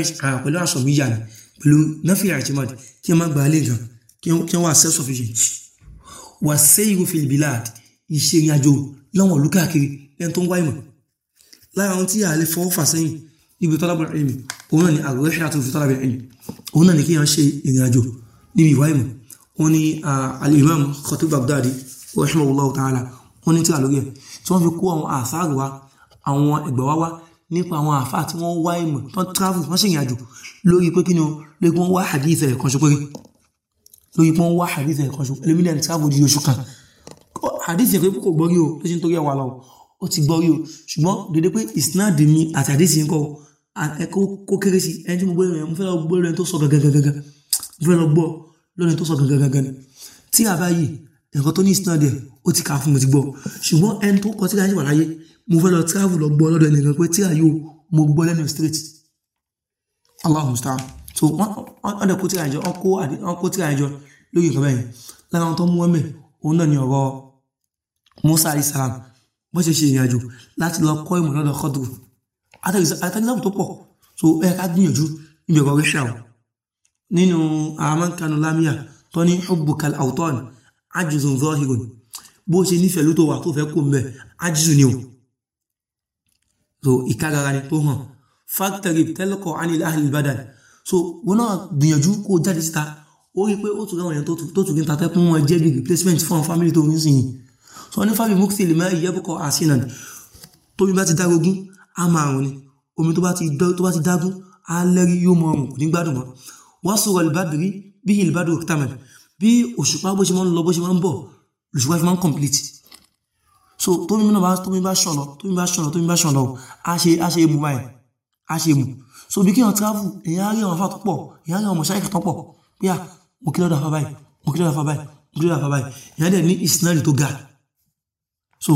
aṣọ mi yà ní pẹ̀lú náfì àtìmáàd kí wọ́n má gba alẹ́ gan kí wọ́n wà self-sufficient wà sẹ́yìn fil bilad ìṣèrìn àjò lọ́wọ́ olùkàkiri ẹni tó ń wá ìmọ̀ lára ohun tí a lè fọwọ́ fà sẹ́yìn níbi tọ́lábọ̀ ẹ̀mí òun náà ni àlùwẹ́ṣẹ́ àti òfin tọ́lábọ̀ ẹ̀mí òun náà ni kí wọ́n ṣe ìrìn àjò níbi ìwà ìmọ̀ wọn ni al-imam khatib baghdadi rahimahullah ta'ala wọn ní tí àlórí ẹ̀ tí wọ́n fi kó àwọn àṣàrò wa àwọn ẹgbẹ̀ wá wá nípa àwọn àfa tí wọ́n wá ìmọ̀ tán travel wọ́n sì rìn àjò lórí pé kí ni wọ́n wá hadith ẹ̀ kan péré lórí pé wọ́n wá hadith ẹ̀ kan ṣo ẹlòmílẹ̀ di oṣù kan hadith pé kò gbọ́rí o tó ṣe ń torí ó ti gbọ́ rí o ṣùgbọ́n dédé pé ìsinádìí mi àti àdéhìsì ń kọ́ kó kéré sí ẹni tí mo gbọ́ rẹ̀ mo fẹ́ lọ gbọ́ rẹ̀ tó sọ gàgàgàgà mo fẹ́ lọ gbọ́ lọ́rẹ̀ tó sọ gàgàgàgà ni tí a bá yìí nǹkan tó ní ìsinádìí ẹ̀ ó ti kà á fún mi ti gbọ́ ṣùgbọ́n ẹni tó kọ síra ìwà láyé mo fẹ́ lọ travel lọ gbọ́ lọ́dọ̀ ẹnìkan pé tí a yóò mo gbọ́ lẹ́nu straight Allahu musta'an so wọ́n dẹ̀ kó tíra ìjọ wọ́n kó tíra ìjọ lórí ìkọ́ bẹ́yìn lára wọn tó mú wọn mẹ́ òun náà ni ọ̀rọ̀ Musa alayhi salam wọ́n ṣe ṣe ìrìnàjò láti lọ kọ́ ìmọ̀ lọ́dọ̀ kọ́dù àtàkìsáàbù tó pọ̀ so ẹ ká gbìyànjú níbi ẹ̀kọ́ rẹ̀ ṣàwọ̀ nínú àmàkanu lámìà tó ní hubbukal awtan ajizun zahirun bó ṣe nífẹ̀ẹ́ ló tó wà tó fẹ́ kó mẹ́ ajizu ni o so ìkárara ni tó hàn fáktẹ̀rì tẹ́lẹ̀kọ́ anil ahli badal so wọn náà gbìyànjú kó jáde síta ó rí pé ó tún ráwọn èèyàn tó tún kí n tatẹ́kùn wọn wọ́n ní fábí mọ́kìsì lè máa yẹ́bùkọ́ àṣínà tómi bá ti dágógún á máa rùn ni omi tó bá ti dágún á lẹ́rí yóò mọ ọrùn kò ní gbádùn mọ́ wọ́n sọ̀rọ̀ ìbádìrí bí ìlbádò tàmẹ̀ bí òṣùpá bó ṣe máa ń lọ bó ṣe máa ń bọ̀ lòṣùpá fi máa ń complete so tómi náà bá tómi bá ṣọ̀nà tómi bá ṣọ̀nà tómi bá ṣọ̀nà o á ṣe á ṣe é báyìí á ṣe é so bí kí wọn travel èyàn á rí àwọn afá tó pọ̀ èyàn á rí àwọn mọ̀ṣáìkì tó pọ̀ bí i à mo kí lọ́dọ̀ afá báyìí mo kí lọ́dọ̀ afá báyìí mo kí lọ́dọ̀ afá báyìí èyàn dẹ̀ ní ìsinárì tó ga so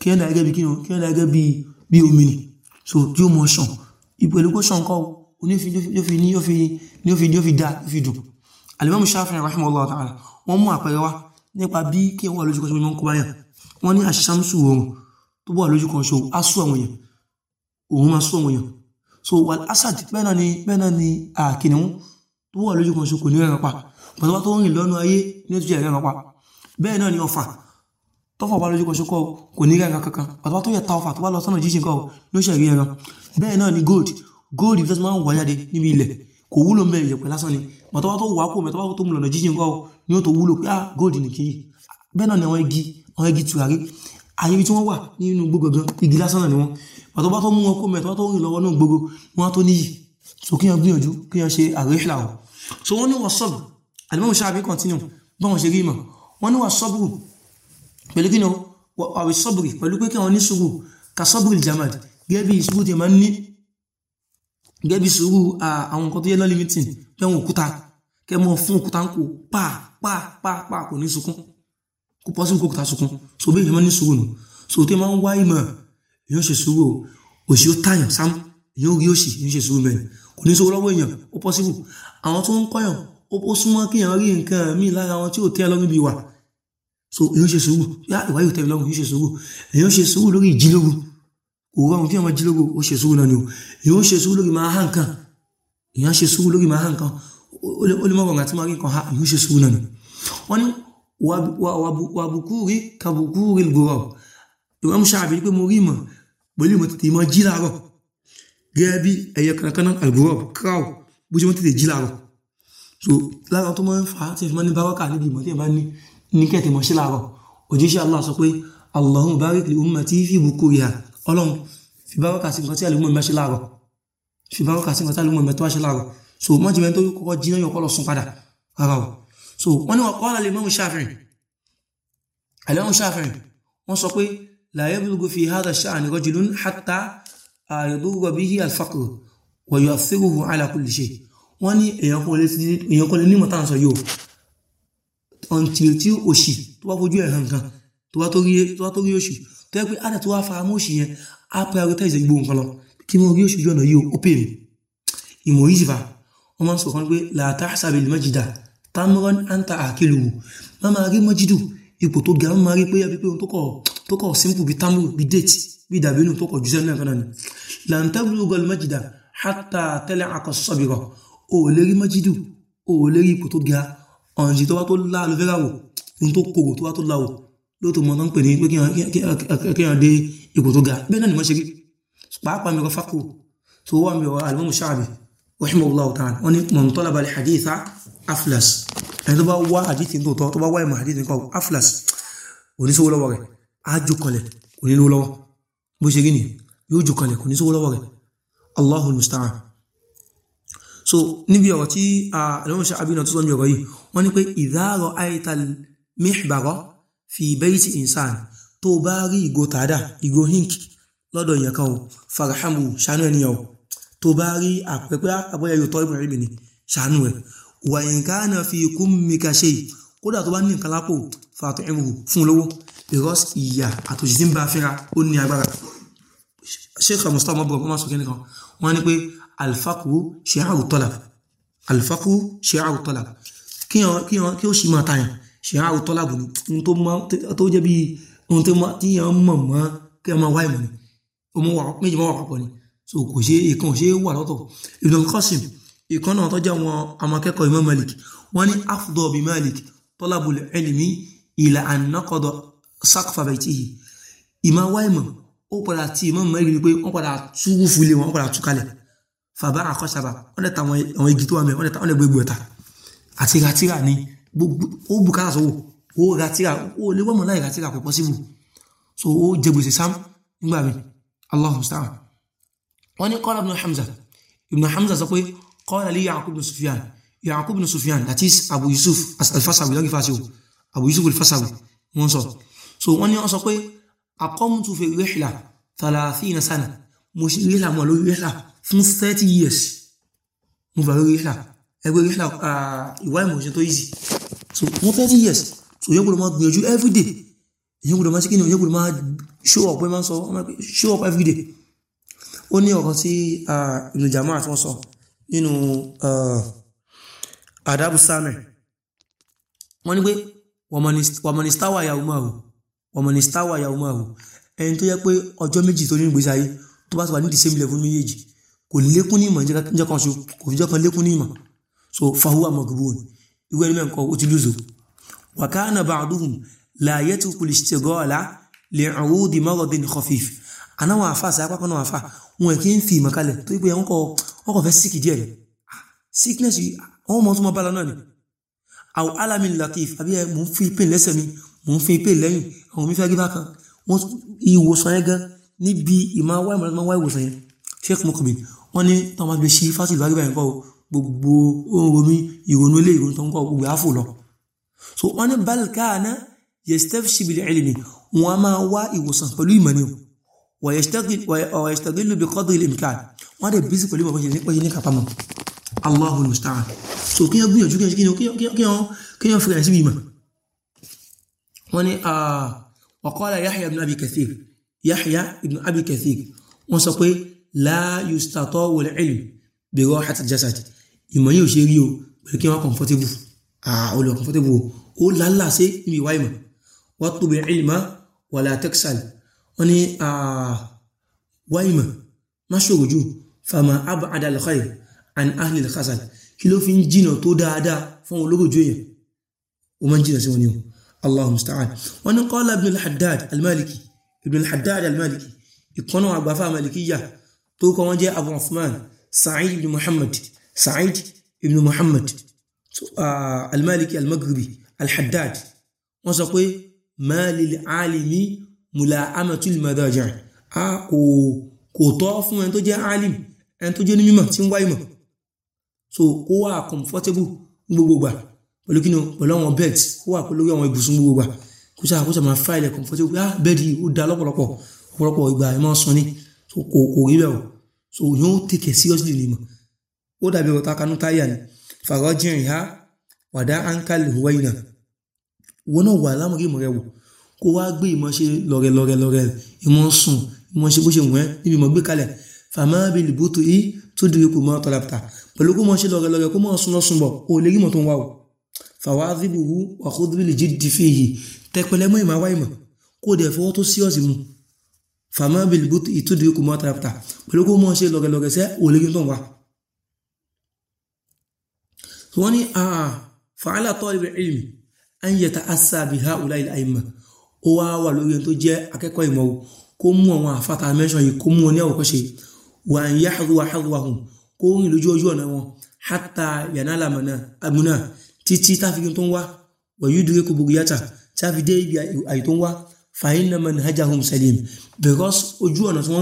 kí ẹ̀ dà gẹ́gẹ́ bí kí ni kí ẹ̀ dà gẹ́gẹ́ bí bí omi nì so tí ó mọ sàn ìpele kó sàn kọ́ o ní yóò fi ní yóò fi ní yóò fi yóò fi dá yóò fi dùn alimami shafi rahimahullah ta'ala wọ́n mú àpẹẹrẹ wá nípa bí kí ẹ̀ wà lójú kan ṣe mọ́ kóbá yàn wọ́n ní àṣàmùsù oòrùn tó bọ̀ lójú kan ṣe asú àwọn èèyàn òun asú àwọn èèyàn so wal asad bẹ́ẹ̀ náà ni bẹ́ẹ̀ náà ni àkìnnìún tó bọ̀ lójú kan ṣe kò ní ẹran pa pàtàkì tó ń rìn lọ́nu ayé ní ó ti jẹ́ ẹran pa bẹ́ẹ̀ náà ni ọfà tọ́fà bá lójú kọṣúkọ kò ní rẹ̀ẹ̀kan kankan pàtàkì tó yẹ tọ́fà tó bá lọ sọ́nà jíṣin kọ́ ló ṣẹ̀rí ẹran bẹ́ẹ̀ náà ni gold gold investment máa ń wà jáde níbi ilẹ̀ kò wúlò mẹ́ ìyẹ̀pẹ̀ lásán ni pàtàkì tó wà kó mẹ́tọ́fà tó mú lọ́nà jíṣin kọ́ ni ó tó wúlò pé ah gold nìkíyì bẹ́ẹ̀ náà ni àwọn igi àwọn igi tùràrí àyè ibi tí wọ́n wà nínú gbogbo gan igi lásán ni wọ́n pàtàkì tó mú wọn kó mẹ́tọ́fà tó rìn lọ́wọ́ náà gbogbo wọn tó níyì so kí wọn gbìyànjú kí wọn ṣe àríṣà o so wọn ní wọn pẹ̀lú kí ni o àwẹ̀ sọ́bùrì pẹ̀lú pé káwọn ní sùúrù ka sọ́bùrì jamad gẹ́gẹ́ bí sùúrù tí a máa ń ní gẹ́gẹ́ bí sùúrù àwọn nǹkan tó yẹ lọ́lí mítìn pẹ̀wọ̀n òkúta kẹ́ fún òkúta ń kó pa pa pa pa kò ní sunkún kó pọ́sí kó òkúta sunkún so bí èèyàn máa ń ní sùúrù nù so tí a máa ń wá ìmọ̀ èèyàn ṣe sùúrù o òṣì ó tààyàn sáà èèyàn orí òṣì èèyàn ṣe sùúrù mẹ́rin kò ní sówó lọ́wọ́ èèyàn ó pọ́síbù àwọn tó ń kọ́yàn ó súnmọ́ kéèyàn rí nǹkan míì lára wọn tí ò tẹ́ lọ́rùn bí wà so èyàn ṣe sùúrù yá ìwà yóò tẹ̀lé lọ́rùn èyàn ṣe sùúrù èyàn ṣe sùúrù lórí ìjílógún kò wá ohun tí ọmọ jílógún ó ṣe sùúrù náà ni o èyàn ṣe sùúrù lórí máa há nǹkan èyàn ṣe sùúrù lórí máa há nǹkan ó lè mọ̀ràn àti máa rí ha èyàn ṣe sùúrù náà ni. wọ́n ní wàbùkú rí kàbùkú rí gbòòrò ìwà mú ṣáàbí pé mo rí ìmọ̀ pẹ̀lú ìmọ̀ tètè mọ́ jí láàárọ̀ ní kẹ́tì mọ̀ sí láàrọ̀ òjíṣẹ́ Allah sọ pé Allahumma barik li ummati fi bukuriha ọlọ́run fi bárọ́kà sí nǹkan tí àlùmọ̀ mẹ́ sí láàrọ̀ fi bárọ́kà sí nǹkan tí àlùmọ̀ mẹ́ tó wá sí láàrọ̀ so mọ́ jìmẹ́ tó kọ́kọ́ jí náà yọkọ́ lọ sùn padà rárá o so wọ́n ní wọ́n kọ́ lálẹ́ mọ́mú Shafi'i àlẹ́mú Shafi'i wọ́n sọ pé la yablughu fi hadha sha'ni rajulun hatta yadurra bihi until tí òṣì tó bá fojú ẹ̀ hàn kan tó bá tó rí òṣì tó yẹ pé àdà tó wá fara mọ́ òṣì yẹn á prioritize gbogbo nǹkan lọ kí mo rí òṣì ojú ọ̀nà yìí ó pè mí ìmọ̀ yìí sì fà wọ́n máa ń sọ fún pé làtà sábẹ̀ lè tamron anta àkèlò má máa rí mọ́jìdù ipò tó ga má máa rí pé àbí pé ohun tó kọ̀ simple bíi tamu bíi date bíi dàbínú tó kọ̀ jù sẹ́nu náà kan náà ni làǹtàbùlù gọlù májìdá hátà tẹ́lẹ̀ àkọsọ̀bìrọ̀ ò lè rí ipò tó ga ọ̀njì tó wá tó lá aloe vera wò ohun tó korò tó wá tó la wò lóòótọ́ mọ̀ náà ń pè ní pé kéèyàn dé ipò tó ga bẹ́ẹ̀ náà ni wọ́n ṣe rí pàápàá mi rọ fákò tó wà mí rọ alimọ́mù ṣáàbì rahimahullahu ta'ala wọ́n ní man talaba al-haditha aflas ẹni tó bá wá hadith ní tòótọ́ tó bá wá ìmọ̀ hadith kọ́ aflas oníṣòwò lọ́wọ́ rẹ̀ á wọ́n ní pé ìdárọ̀ àìtàl mihbara fi bayti insan tó bá rí ìgò tàdá ìgò hink lọ́dọ̀ èèyàn kan o farahamu ṣàánú ènìyàn o tó bá rí àpẹpẹ ah, àbọyẹ yóò tọ́ ìmọ̀ ìbìnrin ṣàánú ẹ̀ wàyínká náà fi kummika shay kódà tó bá ní nǹkan lápò fàtọ̀ ẹ̀mù fún lówó because ìyà àtòjì tí ń bá fínra ó ní agbára sheikh mustapha mabro ọmọ sọ kẹ́nìkan wọ́n ní pé alfaqru shi'aru talab alfaqru shi'aru talab kí ó sì máa tayàn ṣìyàn àwòtọ́ làbò ní ohun tó mọ tó jẹ́ bí ohun tó mọ tí yàn mọ̀ mọ́ kí wọ́n máa wá ìmọ̀ ni ọmọ wà méjì máa wà ni so kò ṣe ìkan ò ṣe wà lọ́tọ̀ Ibn Qasim ìkan náà tó jẹ́ wọn ọmọ akẹ́kọ̀ọ́ Imam Malik wọ́n ní afdọ́ bí Malik talabul ilmi ìlà ànákọ̀dọ̀ sákòfà baytihi ìmọ̀ wá ìmọ̀ ó padà tí Imam Malik pé wọ́n padà tú wúfulé wọn wọ́n padà tú kalẹ̀ fàbá àkọ́ṣàbà wọ́n dẹ̀ àti ra tírà ni gbogbo ó bùkátà sọ́wọ́ ó ra tírà ó lè wọ́n mọ̀ láì ra tírà kò possible so ó jẹ gbèsè sam nígbà mi Allahu musta'an wọ́n ní qala ibn Hamza ibn Hamza sọ pé qala li Ya'qub ibn Sufyan Ya'qub ibn Sufyan that is Abu Yusuf al-Fasawi lọ́gí fásitì o Abu Yusuf al-Fasawi wọ́n sọ so wọ́n ní wọ́n sọ pé aqamtu fi rihla thalathina sana mo ṣe rihla mọ̀ lórí rihla fún thirty years mo fà lórí rihla ẹgbẹ́ islam ìwà ìmọ̀ọ́sẹ̀ tó easy so wọ́n thirty years so yóò gbọ́dọ̀ máa gbìyànjú everyday yóò gbọ́dọ̀ máa ṣe kíni yóò gbọ́dọ̀ máa show up wọ́n máa sọ show up everyday ó ní ọ̀kan tí Ibn Jama'ah tí wọ́n sọ nínú adabu sami wọ́n ní pé wàmọ̀nìstáwà yàwó máa wò wàmọ̀nìstáwà yàwó máa wò ẹni tó yẹ pé ọjọ́ méjì tó ní ìgbésí ayé tó bá ti wà ní the same level méjèèjì kò lékún ní ìmọ̀ ìjọ kan ṣe kò fi jọ kan lékún ní ìmọ̀ so fahuwa magbun irú ẹni mẹ́ǹkọ́ ó ti lùzò wàkánà ba'duhum la yatruku al-ishtighala li'urudi maradin khafif anáwọn àfa sàápá kan náà àfa wọn kì í fi ìmọ̀ kalẹ̀ tó yẹ pé wọn kọ fẹ́ síkì díẹ̀ ah, sickness yìí àwọn ọmọ tó máa bá lọ náà ni àwọn alamin latif àbí ẹ eh, mò ń fi pain lẹ́sẹ̀ mi mò ń fi pain lẹ́yìn àwọn mi fẹ́ gíga kan wọ́n ìwòsàn yẹn gan níbi ìmọ̀ wáyé mọ̀lẹ́tì máa wá ìwòsàn yẹn sheikh mokobi wọ́n ní tọ́wọ́n máa gbé ṣí fásitì ìlú àgbẹ̀ yẹn kọ́ gbogbo oorun mi ìrònú ilé ìrònú tó ń kọ́ gbogbo àfò lọ so wọ́n ní balkaana yastafshi bil ilmi wọ́n a máa wá ìwòsàn pẹ̀lú ìmọ̀ ni wa yastaghillu bi qadri al imkan wọ́n á dẹ̀ bísí pẹ̀lú ìmọ̀ pẹ̀lú ní kápámọ́ Allahul musta'an so kí wọ́n gbìyànjú kí wọ́n fìrẹ̀ síbi ìmọ̀ wọ́n ní ah, wa qala Yahya ibn Abi Kathir Yahya ibn Abi Kathir wọ́n sọ pé la yustatawu al ilm bi rahati al ìmọ̀ yìí ò ṣe rí o pẹ̀lú kí wọ́n comfortable ah olè comfortable o ó lálà sí ibi ìwà ìmọ̀ wọ́n tóbi ìlìmọ̀ wàlà texal wọ́n ní wá ìmọ̀ má ṣòro jù fama abu adalakhair an ahli alkhasal kí ló fi ń jìnà tó dáadáa fún olóòjò yẹn o máa ń jìnà sí wọn ni o allah musta'an wọ́n ní qala ibn al-haddad al-maliki ibn al-haddad al-maliki ìkọ́nà àgbàfà malikiyya tó kọ́ wọ́n jẹ́ abu uthman sa'id ibn muhammad Sa'id ibn Muhammad uh, al-Maliki al-Maghribi al-Haddad wọ́n sọ pé malil alimi mula amatul madaja a kò tọ́ fún ẹni tó jẹ́ alim ẹni tó jẹ́ ní mímọ̀ tí ń wá ìmọ̀ so kó wà comfortable gbogbogbà pẹ̀lú kí ni pẹ̀lú àwọn bed kó wà pẹ̀lú àwọn ibùsùn gbogbogbà kó sáà kó sáà máa fáìlì comfortable ah bẹ́ẹ̀dì ó da lọ́pọ̀lọpọ̀ ọ̀pọ̀lọpọ̀ ìgbà ẹ̀ máa sọ ni so kò rí bẹ́ẹ̀ o so yóò take it seriously ni mọ̀ ó dàbí ọ̀tá kanú táyà ni fàrọ́jìn ìhá wàdá ankal ìhùwẹ́ ìnà wọn náà wà lámùrí ìmọ̀ rẹ wò kó wá gbé ìmọ̀ ṣe lọ́rẹ̀ lọ́rẹ̀ lọ́rẹ̀ ìmọ̀ sùn ìmọ̀ ṣe bó ṣe wọ́n níbi ìmọ̀ gbé kalẹ̀ fàmà bí lìbùtù yìí tó dìrí kò mọ́ tọ́lápítà pẹ̀lú kó mọ̀ ṣe lọ́rẹ̀ lọ́rẹ̀ kó mọ̀ sùn lọ́sùn bọ̀ ó lè rí mọ̀ tó ń wá o fàwa ríbuhu wàhúdúbìlì jí di fi yìí tẹpẹlẹ mọ́ ìmọ̀ wáyìmọ̀ kó dẹ̀ fọwọ́ tó sí ọ̀sìn mu fàmà bí lìbùtù yìí tó dìrí kò mọ́ tọ́lápítà pẹ̀lú kó mọ̀ ṣe lọ́rẹ̀ lọ́rẹ̀ sẹ́ ó lè rí tó ń wá wọ́n ní ah, a fàálà talib ilm an yata'assa bi ha'ula'i al-a'imma ó wá wà lórí ẹni tó jẹ́ akẹ́kọ̀ọ́ ìmọ̀ o kó mú àwọn àfàtà mẹ́sàn yìí kó mú wọn ní àwòkọ́ṣe wa an yahdhuwa hadhwahum kó rìn lójú ojú ọ̀nà wọn hatta yanala amúnà títí táfikún tó ń wá wa yudriku bughiyata táfi dé ibi àyè tó ń wá fa inna manhajahum salim because ojú ọ̀nà tí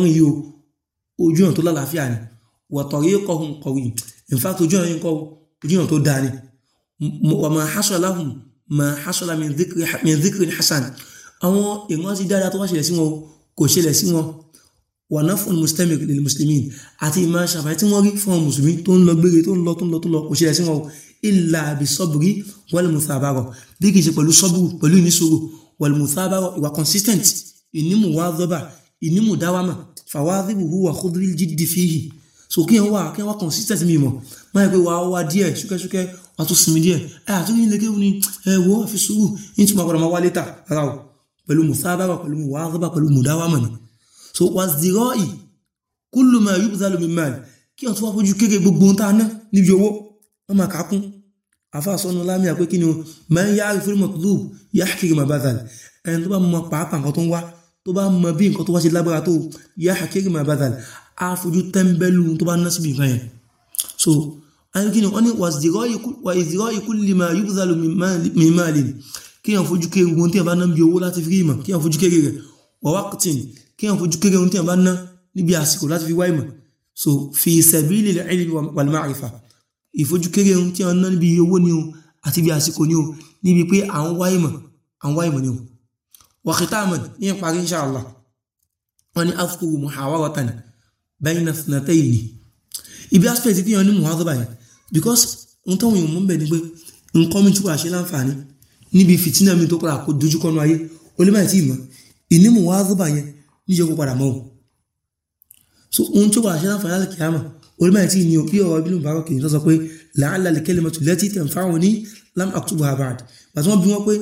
ojú ọ̀nà tó lálàáfíà ni jíyàn tó dáa ni wà máa hásọ aláhùn máa hásọ lámì dhikri hasan àwọn èèyàn ti dáadáa tó wá ṣẹlẹ̀ sí wọn kò ṣẹlẹ̀ sí wọn wà náà fún mùsùlùmí lil muslimin àti ìmọ̀ ṣàfàì tí wọ́n rí fún ọmọ mùsùlùmí tó ń lọ gbére tó ń lọ tó ń lọ tó ń lọ kò ṣẹlẹ̀ sí wọn illa bi sabri wal muthabara bí kì í ṣe pẹ̀lú sọ́bùrù pẹ̀lú ìníṣòro wal muthabara ìwà consistent ìnímù wá dọ́bà ìnímù dáwàmà fàwádìbù huwa khudril jiddi fihi so kí wọn wá kí wọn wá consistent mi mọ̀ máa yẹ pé wàá wá díẹ̀ ṣúkẹ́ṣúkẹ́ wàá tó sinmi díẹ̀ ẹ àtúnyí ní lékewu ni ẹ wo àfi sùúrù ní tí mo padà máa wá létà rárá o pẹ̀lú musabara pẹ̀lú muwazaba pẹ̀lú mudawama ni so wazirọ́ọ̀ì kullu ma yubzalu min mal kí wọn tún wá fojú kéré gbogbo ohun tá a ná níbi owó wọn máa kà á kún afáàsọ́nù lámìá pé kí ni o máa ń yára fún mọ̀tòlóòbù yahkiri mabazal ẹni tó bá mọ pàápàá nǹkan tó ń wá tó bá àfojú tẹ́ńbẹ́lú tó bá ná síbi nǹkan so ayé kí ni wọ́n ní wà ìdíwọ́ ikú lima yúbùdàlù mímàlì kí yàn fojú kéré ohun tí yàn bá ná bí owó láti fi rí ìmọ̀ kí yàn fojú kéré rẹ̀ wà wákàtí kí yàn fojú kéré ohun tí yàn bá ná níbi àsìkò láti fi wá ìmọ̀ so fi sẹ̀bílì ilmi wal ma'rifa ìfojú kéré ohun tí yàn ná níbi owó ni o àti bí àsìkò ni o níbi pé à ń wá ìmọ̀ à ni o wàkìtà bayna ithnatayni ibi aspect ti yan ní muhadaba yẹn because n tó wọn yìí mú bẹ́ẹ̀ ni pé nǹkan mi tí kò àṣẹ láǹfààní níbi fìtínà mi tó padà kó dojúkọ́nu ayé ó lè má ti mọ̀ ìní muhadaba yẹn níjẹ́ kó padà mọ́ o so ohun tí kò àṣẹ láǹfààní láti kìí àmọ̀ ó lè má ti ní o kí ọ̀rọ̀ ibi ló ń bá ọkẹ́ ìtọ́sọ pé la'alla al-kalimatu allati tanfa'uni lam aktubha ba'd bàtí wọ́n bí wọ́n pé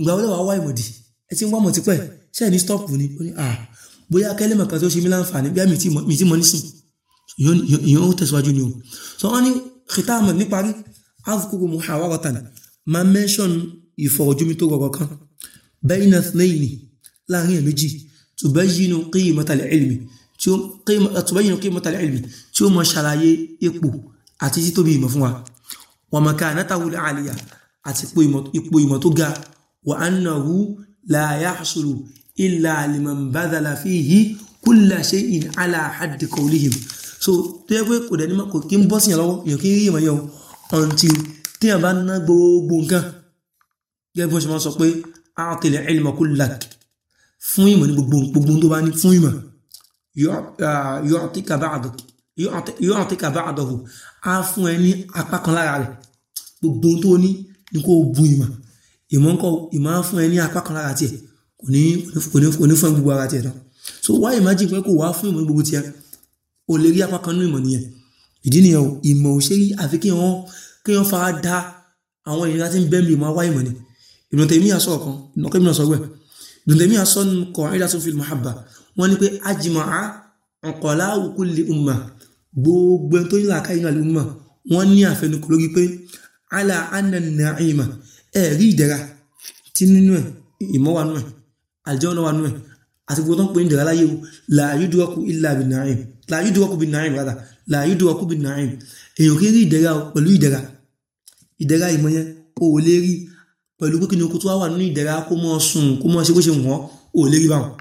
ìgbà wọlé wàá wá ìmọ̀dì ẹ ti ń wá mọ̀ tipẹ́ ṣẹ́ẹ̀ ní stọ́ọ̀pù ni ó ní ah bóyá kẹ́lẹ́mọ̀ kan tó ṣe mí láǹfààní bí mi ti mọ nísìn ìyọ́n ó tẹ̀síwájú ni o so wọ́n ní kìtàmù níparí azkuru muhawaratan ma mention ìfọ̀rọ̀jumi tó rọrọ̀ kan bayna thnaini láàrin ẹ̀ méjì tubayyinu qimatal ilmi tí ó tubayyinu qimatal ilmi tí ó mọ ṣàlàyé ipò àti títóbi ìmọ̀ fún wa wa makanatahu al-aliya àti ipò ìmọ̀ tó ga wa annahu la yahsulu illa liman badala fihi kulla shay'in ala haddi qawlihim so tó yẹ pé kò dẹ̀ ní kò kí ń bọ́ sí yàn lọ́wọ́ èèyàn kí ń rí ìmọ̀ yẹn o until tí yàn bá ná gbogbo nǹkan gẹ́gẹ́ bí wọ́n ṣe máa sọ a'til ilma kullak fún ìmọ̀ ní gbogbo gbogbo tó bá ní fún ìmọ̀ ah, yu'tika ba'dahu yu'tika ba'dahu á fún ẹ ní apá kan lára rẹ̀ gbogbo tó ní ní kó bu ìmọ̀ ìmọ̀ ń kọ́ ìmọ̀ á fún ẹ ní apá kan lára kò ní kò ní fún gbogbo ara tiẹ̀ tán so wá imagine pé kò wá fún ìmọ̀ gbogbo tiẹ̀ o lè rí apá kan nínú ìmọ̀ nìyẹn ìdí nìyẹn o ìmọ̀ ò ṣe rí àfi kí wọ́n kí wọ́n fara da àwọn ìlera tí ń bẹ́ẹ̀ mi ìmọ̀ wá ìmọ̀ ni Ibn Taymiyyah sọ kan ìnàkẹ́ mi náà sọ wẹ̀ Ibn Taymiyyah sọ kọ̀ ẹ̀dá tó fi mahabba wọ́n ní pé ajima a ọ̀kọ̀lá kulli umma gbogbo tó ní làákà inú àlè umma wọ́n ní àfẹnukò lórí pé ala anna na'ima ẹ̀rí ìdẹ̀ra tí nínú ẹ̀ ìmọ̀ wà nínú ẹ̀ àlìjẹ́wọ́n náà wà nú ẹ̀ àti gbogbo tó ń pè ní ìdẹ̀ra láyé o la yuduwaku illa bin na'im la yuduwaku bin na'im rárá la yuduwaku bin na'im èèyàn kì í rí ìdẹ̀ra o pẹ̀lú ìdẹ̀ra ìdẹ̀ra ìmọ̀ yẹn o ò lè rí pẹ̀lú pé kí ni oko tó wà wà nínú ìdẹ̀ra kó mọ́ sùn kó mọ́ ṣe bó ṣe wọ́n o ò lè rí báwọn.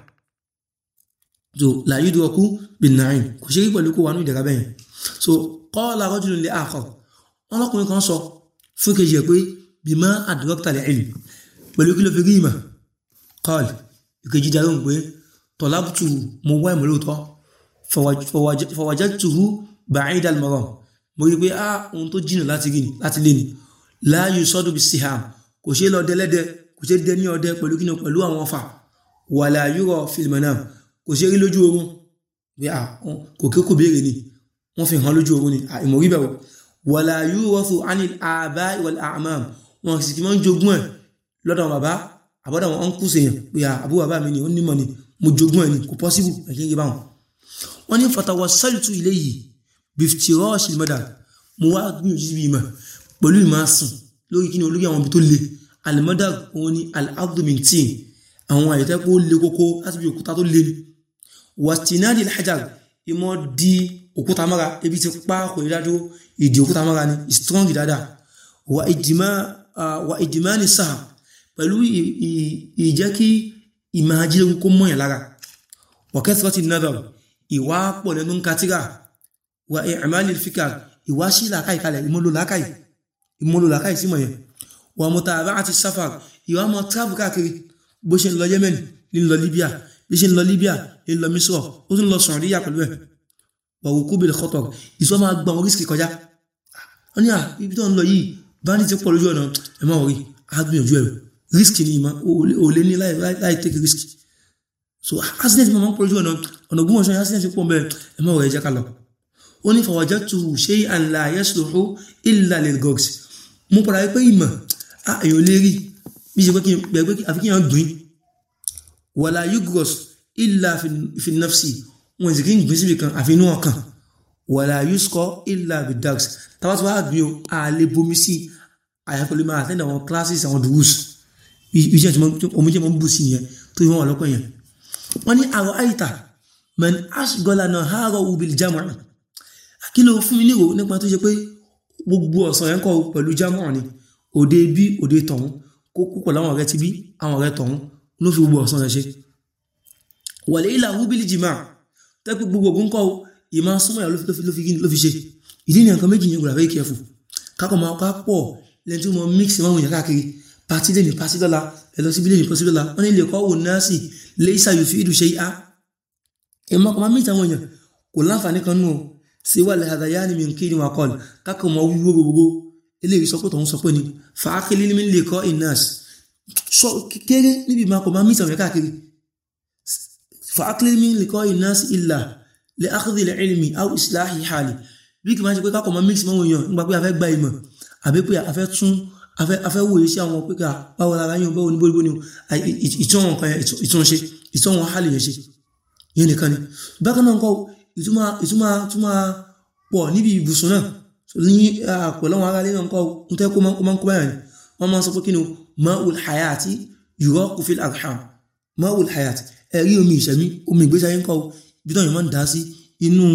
so la yuduwaku bin na'im kò ṣe rí pẹ̀lú kó wà nínú ìdẹ̀ra bẹ́yẹn so qala rajulun li akhar wọn lọkùnrin kan sọ fún kejì bima adrakta lil ilm pẹ̀lú kí ló fi rí ìkejì dá lóhùn pé tọ́lábùtù mo wá ìmọ̀ lóòótọ́ fọwọ́jẹ́tùrú bàáyí dalmọ̀ràn mo rí pé á ohun tó jìnà láti rí ni láti lé ni láàyè sọ́dún bí siham kò ṣe lọ dẹlẹ́dẹ kò ṣe dẹ ní ọdẹ pẹ̀lú kí ni pẹ̀lú àwọn ọfà wà láàyúrọ̀ fìlìmọ̀nà kò ṣe rí lójú oorun bí a kò kí kò béèrè ni wọ́n fi hàn lójú oorun ni ìmọ̀ rí bẹ̀rọ̀ wà láàyúrọ̀ fún anil àbá ìwà àmà wọn sì kì máa ń jogún ẹ̀ lọ́dọ̀ bàbá àbọ̀dọ̀ wọn ń kú sèyàn pé àbúrò bàbá mi ni ó nímọ̀ ni mo jogún ẹ̀ ni kò pọ́síbù ẹ̀kí ń yé báwọn. wọ́n ní fatawa sálítù ilé yìí bìfìtì rọ́ọ̀ṣì mọ́dà mo wá gbìyànjú síbi ìmọ̀ pẹ̀lú ìmọ̀ sùn lórí kíni olórí àwọn ibi tó le alimọ́dà òun ni al-abdomintin àwọn àyẹ̀tẹ́ pé ó le kókó láti bí òkúta tó le wàtínádì al ìmọ̀ di òkúta mọ́ra ebi ti pa kò ní dájú ìdí òkúta mọ́ra ni strong dáadáa wà ni sáà pẹ̀lú ìjẹ́ kí ìmọ̀ ajílẹ̀wò kó mọ̀yàn lára wọ̀kẹ́sìkọ́ ti nàdọ̀ ìwà pọ̀ nínú katira wà ìrìnàmálì fíkà ìwà sí làákàyè kalẹ̀ ìmúlò làákàyè ìmúlò làákàyè sí mọ̀yàn wà mọ̀tà àbá àti sáfàr ìwà mọ̀ tíráàbù káàkiri bó ṣe ń lọ Yemen ní lọ Libya bí ṣe ń lọ Libya ní lọ Misra ó tún lọ Saudiya pẹ̀lú ẹ̀ wà wò kóbìlì kọ́tọ̀ ìṣọ́ risk ni ìmọ̀ ò lè ní láì take risk so accident máa ń pọ̀ lójú ọ̀nà ọ̀nà ògùn ọ̀ṣọ́ accident pọ̀ bẹ́ẹ̀ ẹ mọ̀ ọ̀rọ̀ ẹ̀jẹ̀ ká lọ. ó ní fàwọ̀jẹ́ tu ṣé àǹlà ayẹ́sòro ìlà lè gọ̀t mo padà wípé ìmọ̀ èèyàn lè rí bí ṣe pé kí n bẹ̀ pé àfi kí n gbìn wàlà yugos ìlà fìnnafsì wọn sì kí n gbìn síbi kan àfi inú ọkàn wàlà yuskọ ìlà bidax tábàtúwà gbìn o àlè bomi sí àyàfọlẹ́mọ àtẹ́ndà àwọn classes àwọn durusi iṣẹ́ tí omijé mọ́ ń bù sí yẹn tó yíwọ́n wà lọ́pọ̀ yẹn wọ́n ní àrọ̀ àìta man ashgola na haro ubil jamura kí ló fún mi níro nípa tó ṣe pé gbogbo ọ̀sán yẹn kọ́ pẹ̀lú jamura ni òde bí òde tọ̀hún kó púpọ̀ láwọn ọ̀rẹ́ ti bí àwọn ọ̀rẹ́ tọ̀hún ló fi gbogbo ọ̀sán rẹ̀ ṣe wàlẹ́ ìlà ubil jima tẹ́pẹ́ gbogbo ogun kọ́ ìmọ̀ ni nǹkan méjì yẹn gbọ́dọ̀ fẹ́ kẹfù kákọ̀ máa ká pọ̀ lẹ́ni tí mo mix máa pati lè ní pati lọ́la ẹ lọ síbi lè ní pọ́sí lọ́la wọ́n ní ilé ẹ̀kọ́ wò nọ́ọ̀sì lẹ́yìísà yóò fi ìdù ṣe á ìmọ̀ ọkọ̀ máa mìtì àwọn èèyàn kò láǹfààní kan nù ọ́ sí wà lẹ́yìn àdáyá ni mi ń kéde wọn kọ́ọ̀lù kákò mọ wíwó gbogbo eléyìí sọ pé tòun sọ pé ni fàákìlì ní ilé ẹ̀kọ́ inas sọ kéré níbi ìmọ̀ ọkọ̀ àwọn káàkiri fàákìlì ní ilé ẹ̀kọ́ inas ìlà lẹ́ àkàdé ilẹ̀ ẹ̀lìmì àwọn ìsìláhì afẹ́ afẹ́ wòye sí àwọn pé ká báwo la láyé báwo ní bóyá ní ìtọ́wọ̀n kan ìtọ́nṣe ìtọ́wọ̀n hálì yẹn ṣe yẹn nìkan ni bákan náà kọ́ ìtumọ̀ ìtumọ̀ túmọ̀ pọ̀ níbi ibùsùn náà ní pẹ̀lú àwọn aráalé náà kọ́ ń tẹ́ kó máa ń kó báyà ni wọ́n máa ń sọ pé kí ni ma'ul hayati yuraqu fil arham ma'ul hayati ẹ̀rí omi ìṣẹ̀mí omi ìgbésí ayé ń kọ́ bí náà yẹn máa ń dá sí inú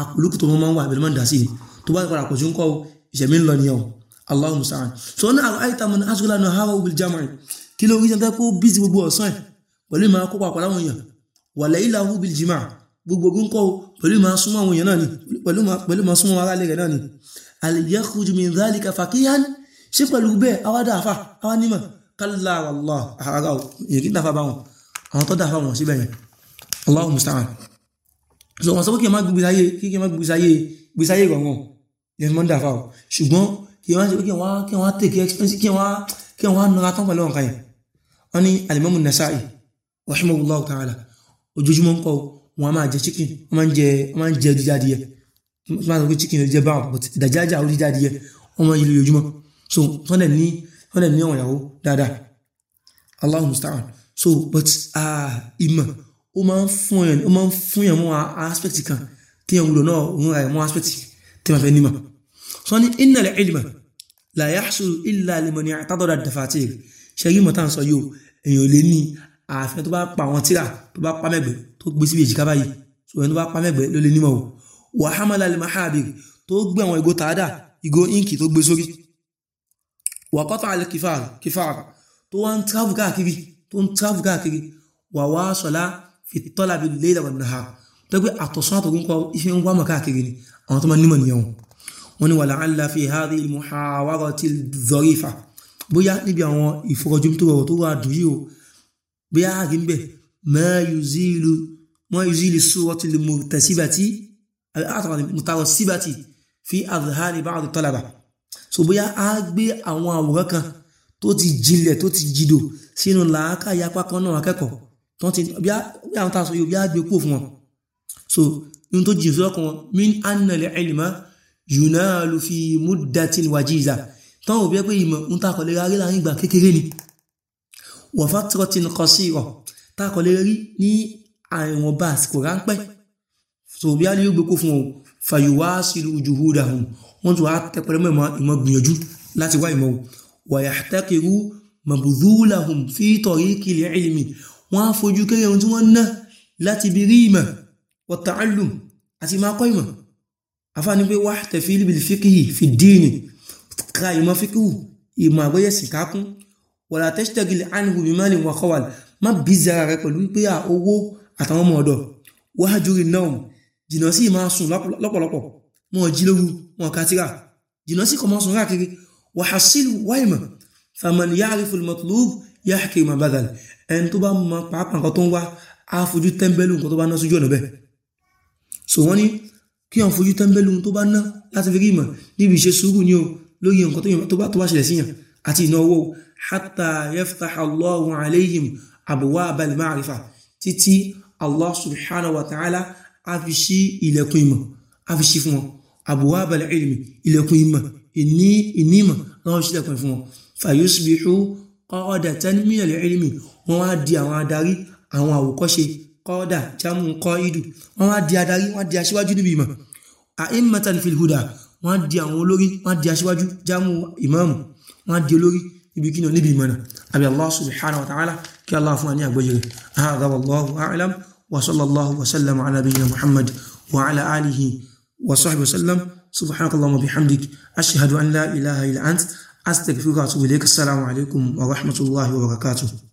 àpòlókùtò wọn máa ń wà àbẹ̀lẹ́ máa ń dá sí tó bá ìpadà pọ̀ sí ń kọ́ ìṣẹ̀mí ń lọ nìyẹn o Allahu musta'an so ní àwọn àìta mọ̀ ní asukula náà hawa bil jam'i kí ló rí sẹ́ńtẹ́ kó bízi gbogbo ọ̀sán ẹ̀ pẹ̀lú ìmọ̀ akópa pẹ̀lú àwọn èèyàn wà lẹ́yìn lahu bil jimá gbogbo ogun kọ́ pẹ̀lú ìmọ̀ súnmọ́ àwọn èèyàn náà ni pẹ̀lú ìmọ̀ súnmọ́ ara rẹ̀ náà ni al-yakhruju min dhalika faqihan ṣé pẹ̀lú bẹ́ẹ̀ àwa dáfà àwa nímọ̀ kálá wàllá àrà ìyẹ̀kí dáfà bá wọn àwọn tó dáfà wọn síbẹ̀ yẹn Allahu musta'an so wọn sọ pé kí ẹ má gbé gbèsáyé kí ẹ má gbé gbèsáyé gbèsáyé gbọ̀ngàn yẹn mọ́ o ṣùgbọ́n kí wọ́n ṣe kí wọ́n kí wọ́n tèkí expense kí wọ́n kí wọ́n nọra tán pẹ̀lú ọ̀kan yẹn wọ́n ní alimami nasa'i rahimahullahu ta'ala ojoojúmọ́ ń kọ́ wọn máa jẹ chicken wọ́n máa ń jẹ wọ́n máa ń jẹ dídá díẹ̀ wọ́n máa ń sọ chicken jẹ báwọn but ìdájájà orí dídá díẹ̀ wọ́n máa ń yí lójoojúmọ́ so wọ́n dẹ̀ ní wọ́n dẹ̀ ní ọ̀wọ̀n ìyàwó dáadáa Allahu musta'an so but ìmọ̀ ó máa ń fún yẹn ó máa ń fún yẹn mọ́ aspect kan kí yẹn wúlò náà òun ra ẹ̀ mọ́ aspect tí wọ́n fẹ́ nímọ̀ sọ ní innal ilma la yahsul illa liman i'tadara ad-dafatir ṣe rí mọ̀tá ń sọ yìí o èèyàn lè ní ààfin tó bá pa àwọn tíra tó bá pa mẹ́gbẹ́ tó gbé síbi èjìká báyìí sọ ẹni tó bá pa mẹ́gbẹ́ ló lè nímọ̀ o wa hamala al-mahabir tó gbé àwọn ìgò tààdà ìgò ínkì tó gbé sórí wa qata al-kifar kifar tó wá ń travel àtọ̀sán àtọ̀gún kọ ife ń wá mọ̀ káàkiri ni àwọn tó máa nímọ̀ nìyẹn o wọ́n ní wàlàhálà fi hàrí ìmùhàwárọ̀ tí zọrífà bóyá níbi àwọn ìfọ̀rọ̀júmítò ọ̀rọ̀ tó wà dùn yìí o bóyá àrí ń bẹ̀ mọ́ yùzílù sọ́rọ̀ tí mùtàsíbàtì mùtàrọ̀síbàtì fi àzàhárì bá àrùn tọ́lábà so bóyá a gbé àwọn àwòrán kan tó ti jinlẹ̀ tó ti jìdò sínú làákàyà pákan náà akẹ́kọ̀ọ́ tó ti bí àwọn tá a sọ yóò bí gbé kó fún wọn so ohun tó jìn sí ọkàn wọn min anna al-ilma yunalu fi muddatin wajiza tán ò bí ẹ pé ìmọ̀ ń takọ̀lẹ́ rárí láàrin ìgbà kékeré ni wa fatratin qasira takọ̀lẹ́ rí ní àìwọ̀n bá àsìkò ráńpẹ́ tó bí a lè gbé kó fún ọ fayuwasilu juhudahum wọ́n tún wá tẹpẹrẹ mọ́ ìmọ̀ gbìyànjú láti wá ìmọ̀ wa yahtaqiru mabdhulahum fi tariqil ilmi wọ́n á fojú kéré ohun tí wọ́n ná láti bí rí ìmọ̀ wa ta'allum àti máa kọ́ ìmọ̀ afáàní pé wá tẹ̀fí ibi fíkìhì fi díìnì ka ìmọ̀ fíkìhù ìmọ̀ àgbẹ̀yẹsìn kákún wàlá tẹ́sítẹ́gìlì ánìhù mímọ́lì wàkọ́wàlì má bí zara rẹ pẹ̀lú pé à owó àtàwọn ọmọ ọ̀dọ̀ wájú rí náà jìnnà sí máa sùn lọ́pọ̀lọpọ̀ wọn jí lóru wọn ká tíra jìnnà sí kò máa sùn káàkiri wàhásílù wáìmọ̀ fàmàlì yáàrí fòlùmọ̀tòlóòb yáà kiri mà ẹni tó bá mọ pàápàá nǹkan tó ń wá á fojú tẹ́ńbẹ́lú nǹkan tó bá ná sójú ọ̀nà bẹ́ẹ̀ so wọ́n ní kí wọn fojú tẹ́ńbẹ́lú tó bá ná láti fi rí ìmọ̀ níbi ìṣe sùúrù ní o lórí nǹkan tó bá tó bá ṣẹlẹ̀ síyàn àti ìnáwó hatta yaftaha Allahu alayhim abwaba al-ma'rifa títí Allah subhanahu wa ta'ala a fi ṣí ilẹ̀kùn ìmọ̀ a fi ṣí fún wọn abwaba al-ilmi ilẹ̀kùn ìmọ̀ ìní ìnímọ̀ lọ́wọ́ ṣílẹ̀kùn fún wọn fa yusbihu qadatan min al-ilmi wọn wá di àwọn adarí àwọn àwòkọ́ṣe kọ́dà jamu kọ́ idù wọ́n wá di adarí wọ́n di aṣíwájú níbi ìmọ̀ a'immatan fil huda wọ́n di àwọn olórí wọ́n di aṣíwájú jamu ìmáàmù wọ́n di olórí ibi kí níbi ìmọ̀ náà àbí allah subhanahu wa ta'ala kí allah fún wa ní àgbẹ̀yẹ̀ rẹ̀ ahàdà wallahu a'lam wa sallallahu wa sallam ala nabiyyina muhammad wa ala alihi wa sahbihi wa sallam subhanaka allahumma bihamdik ashhadu an la ilaha illa ant astaghfiruka wa atubu ilayk assalamu alaikum wa rahmatullahi wa barakatuh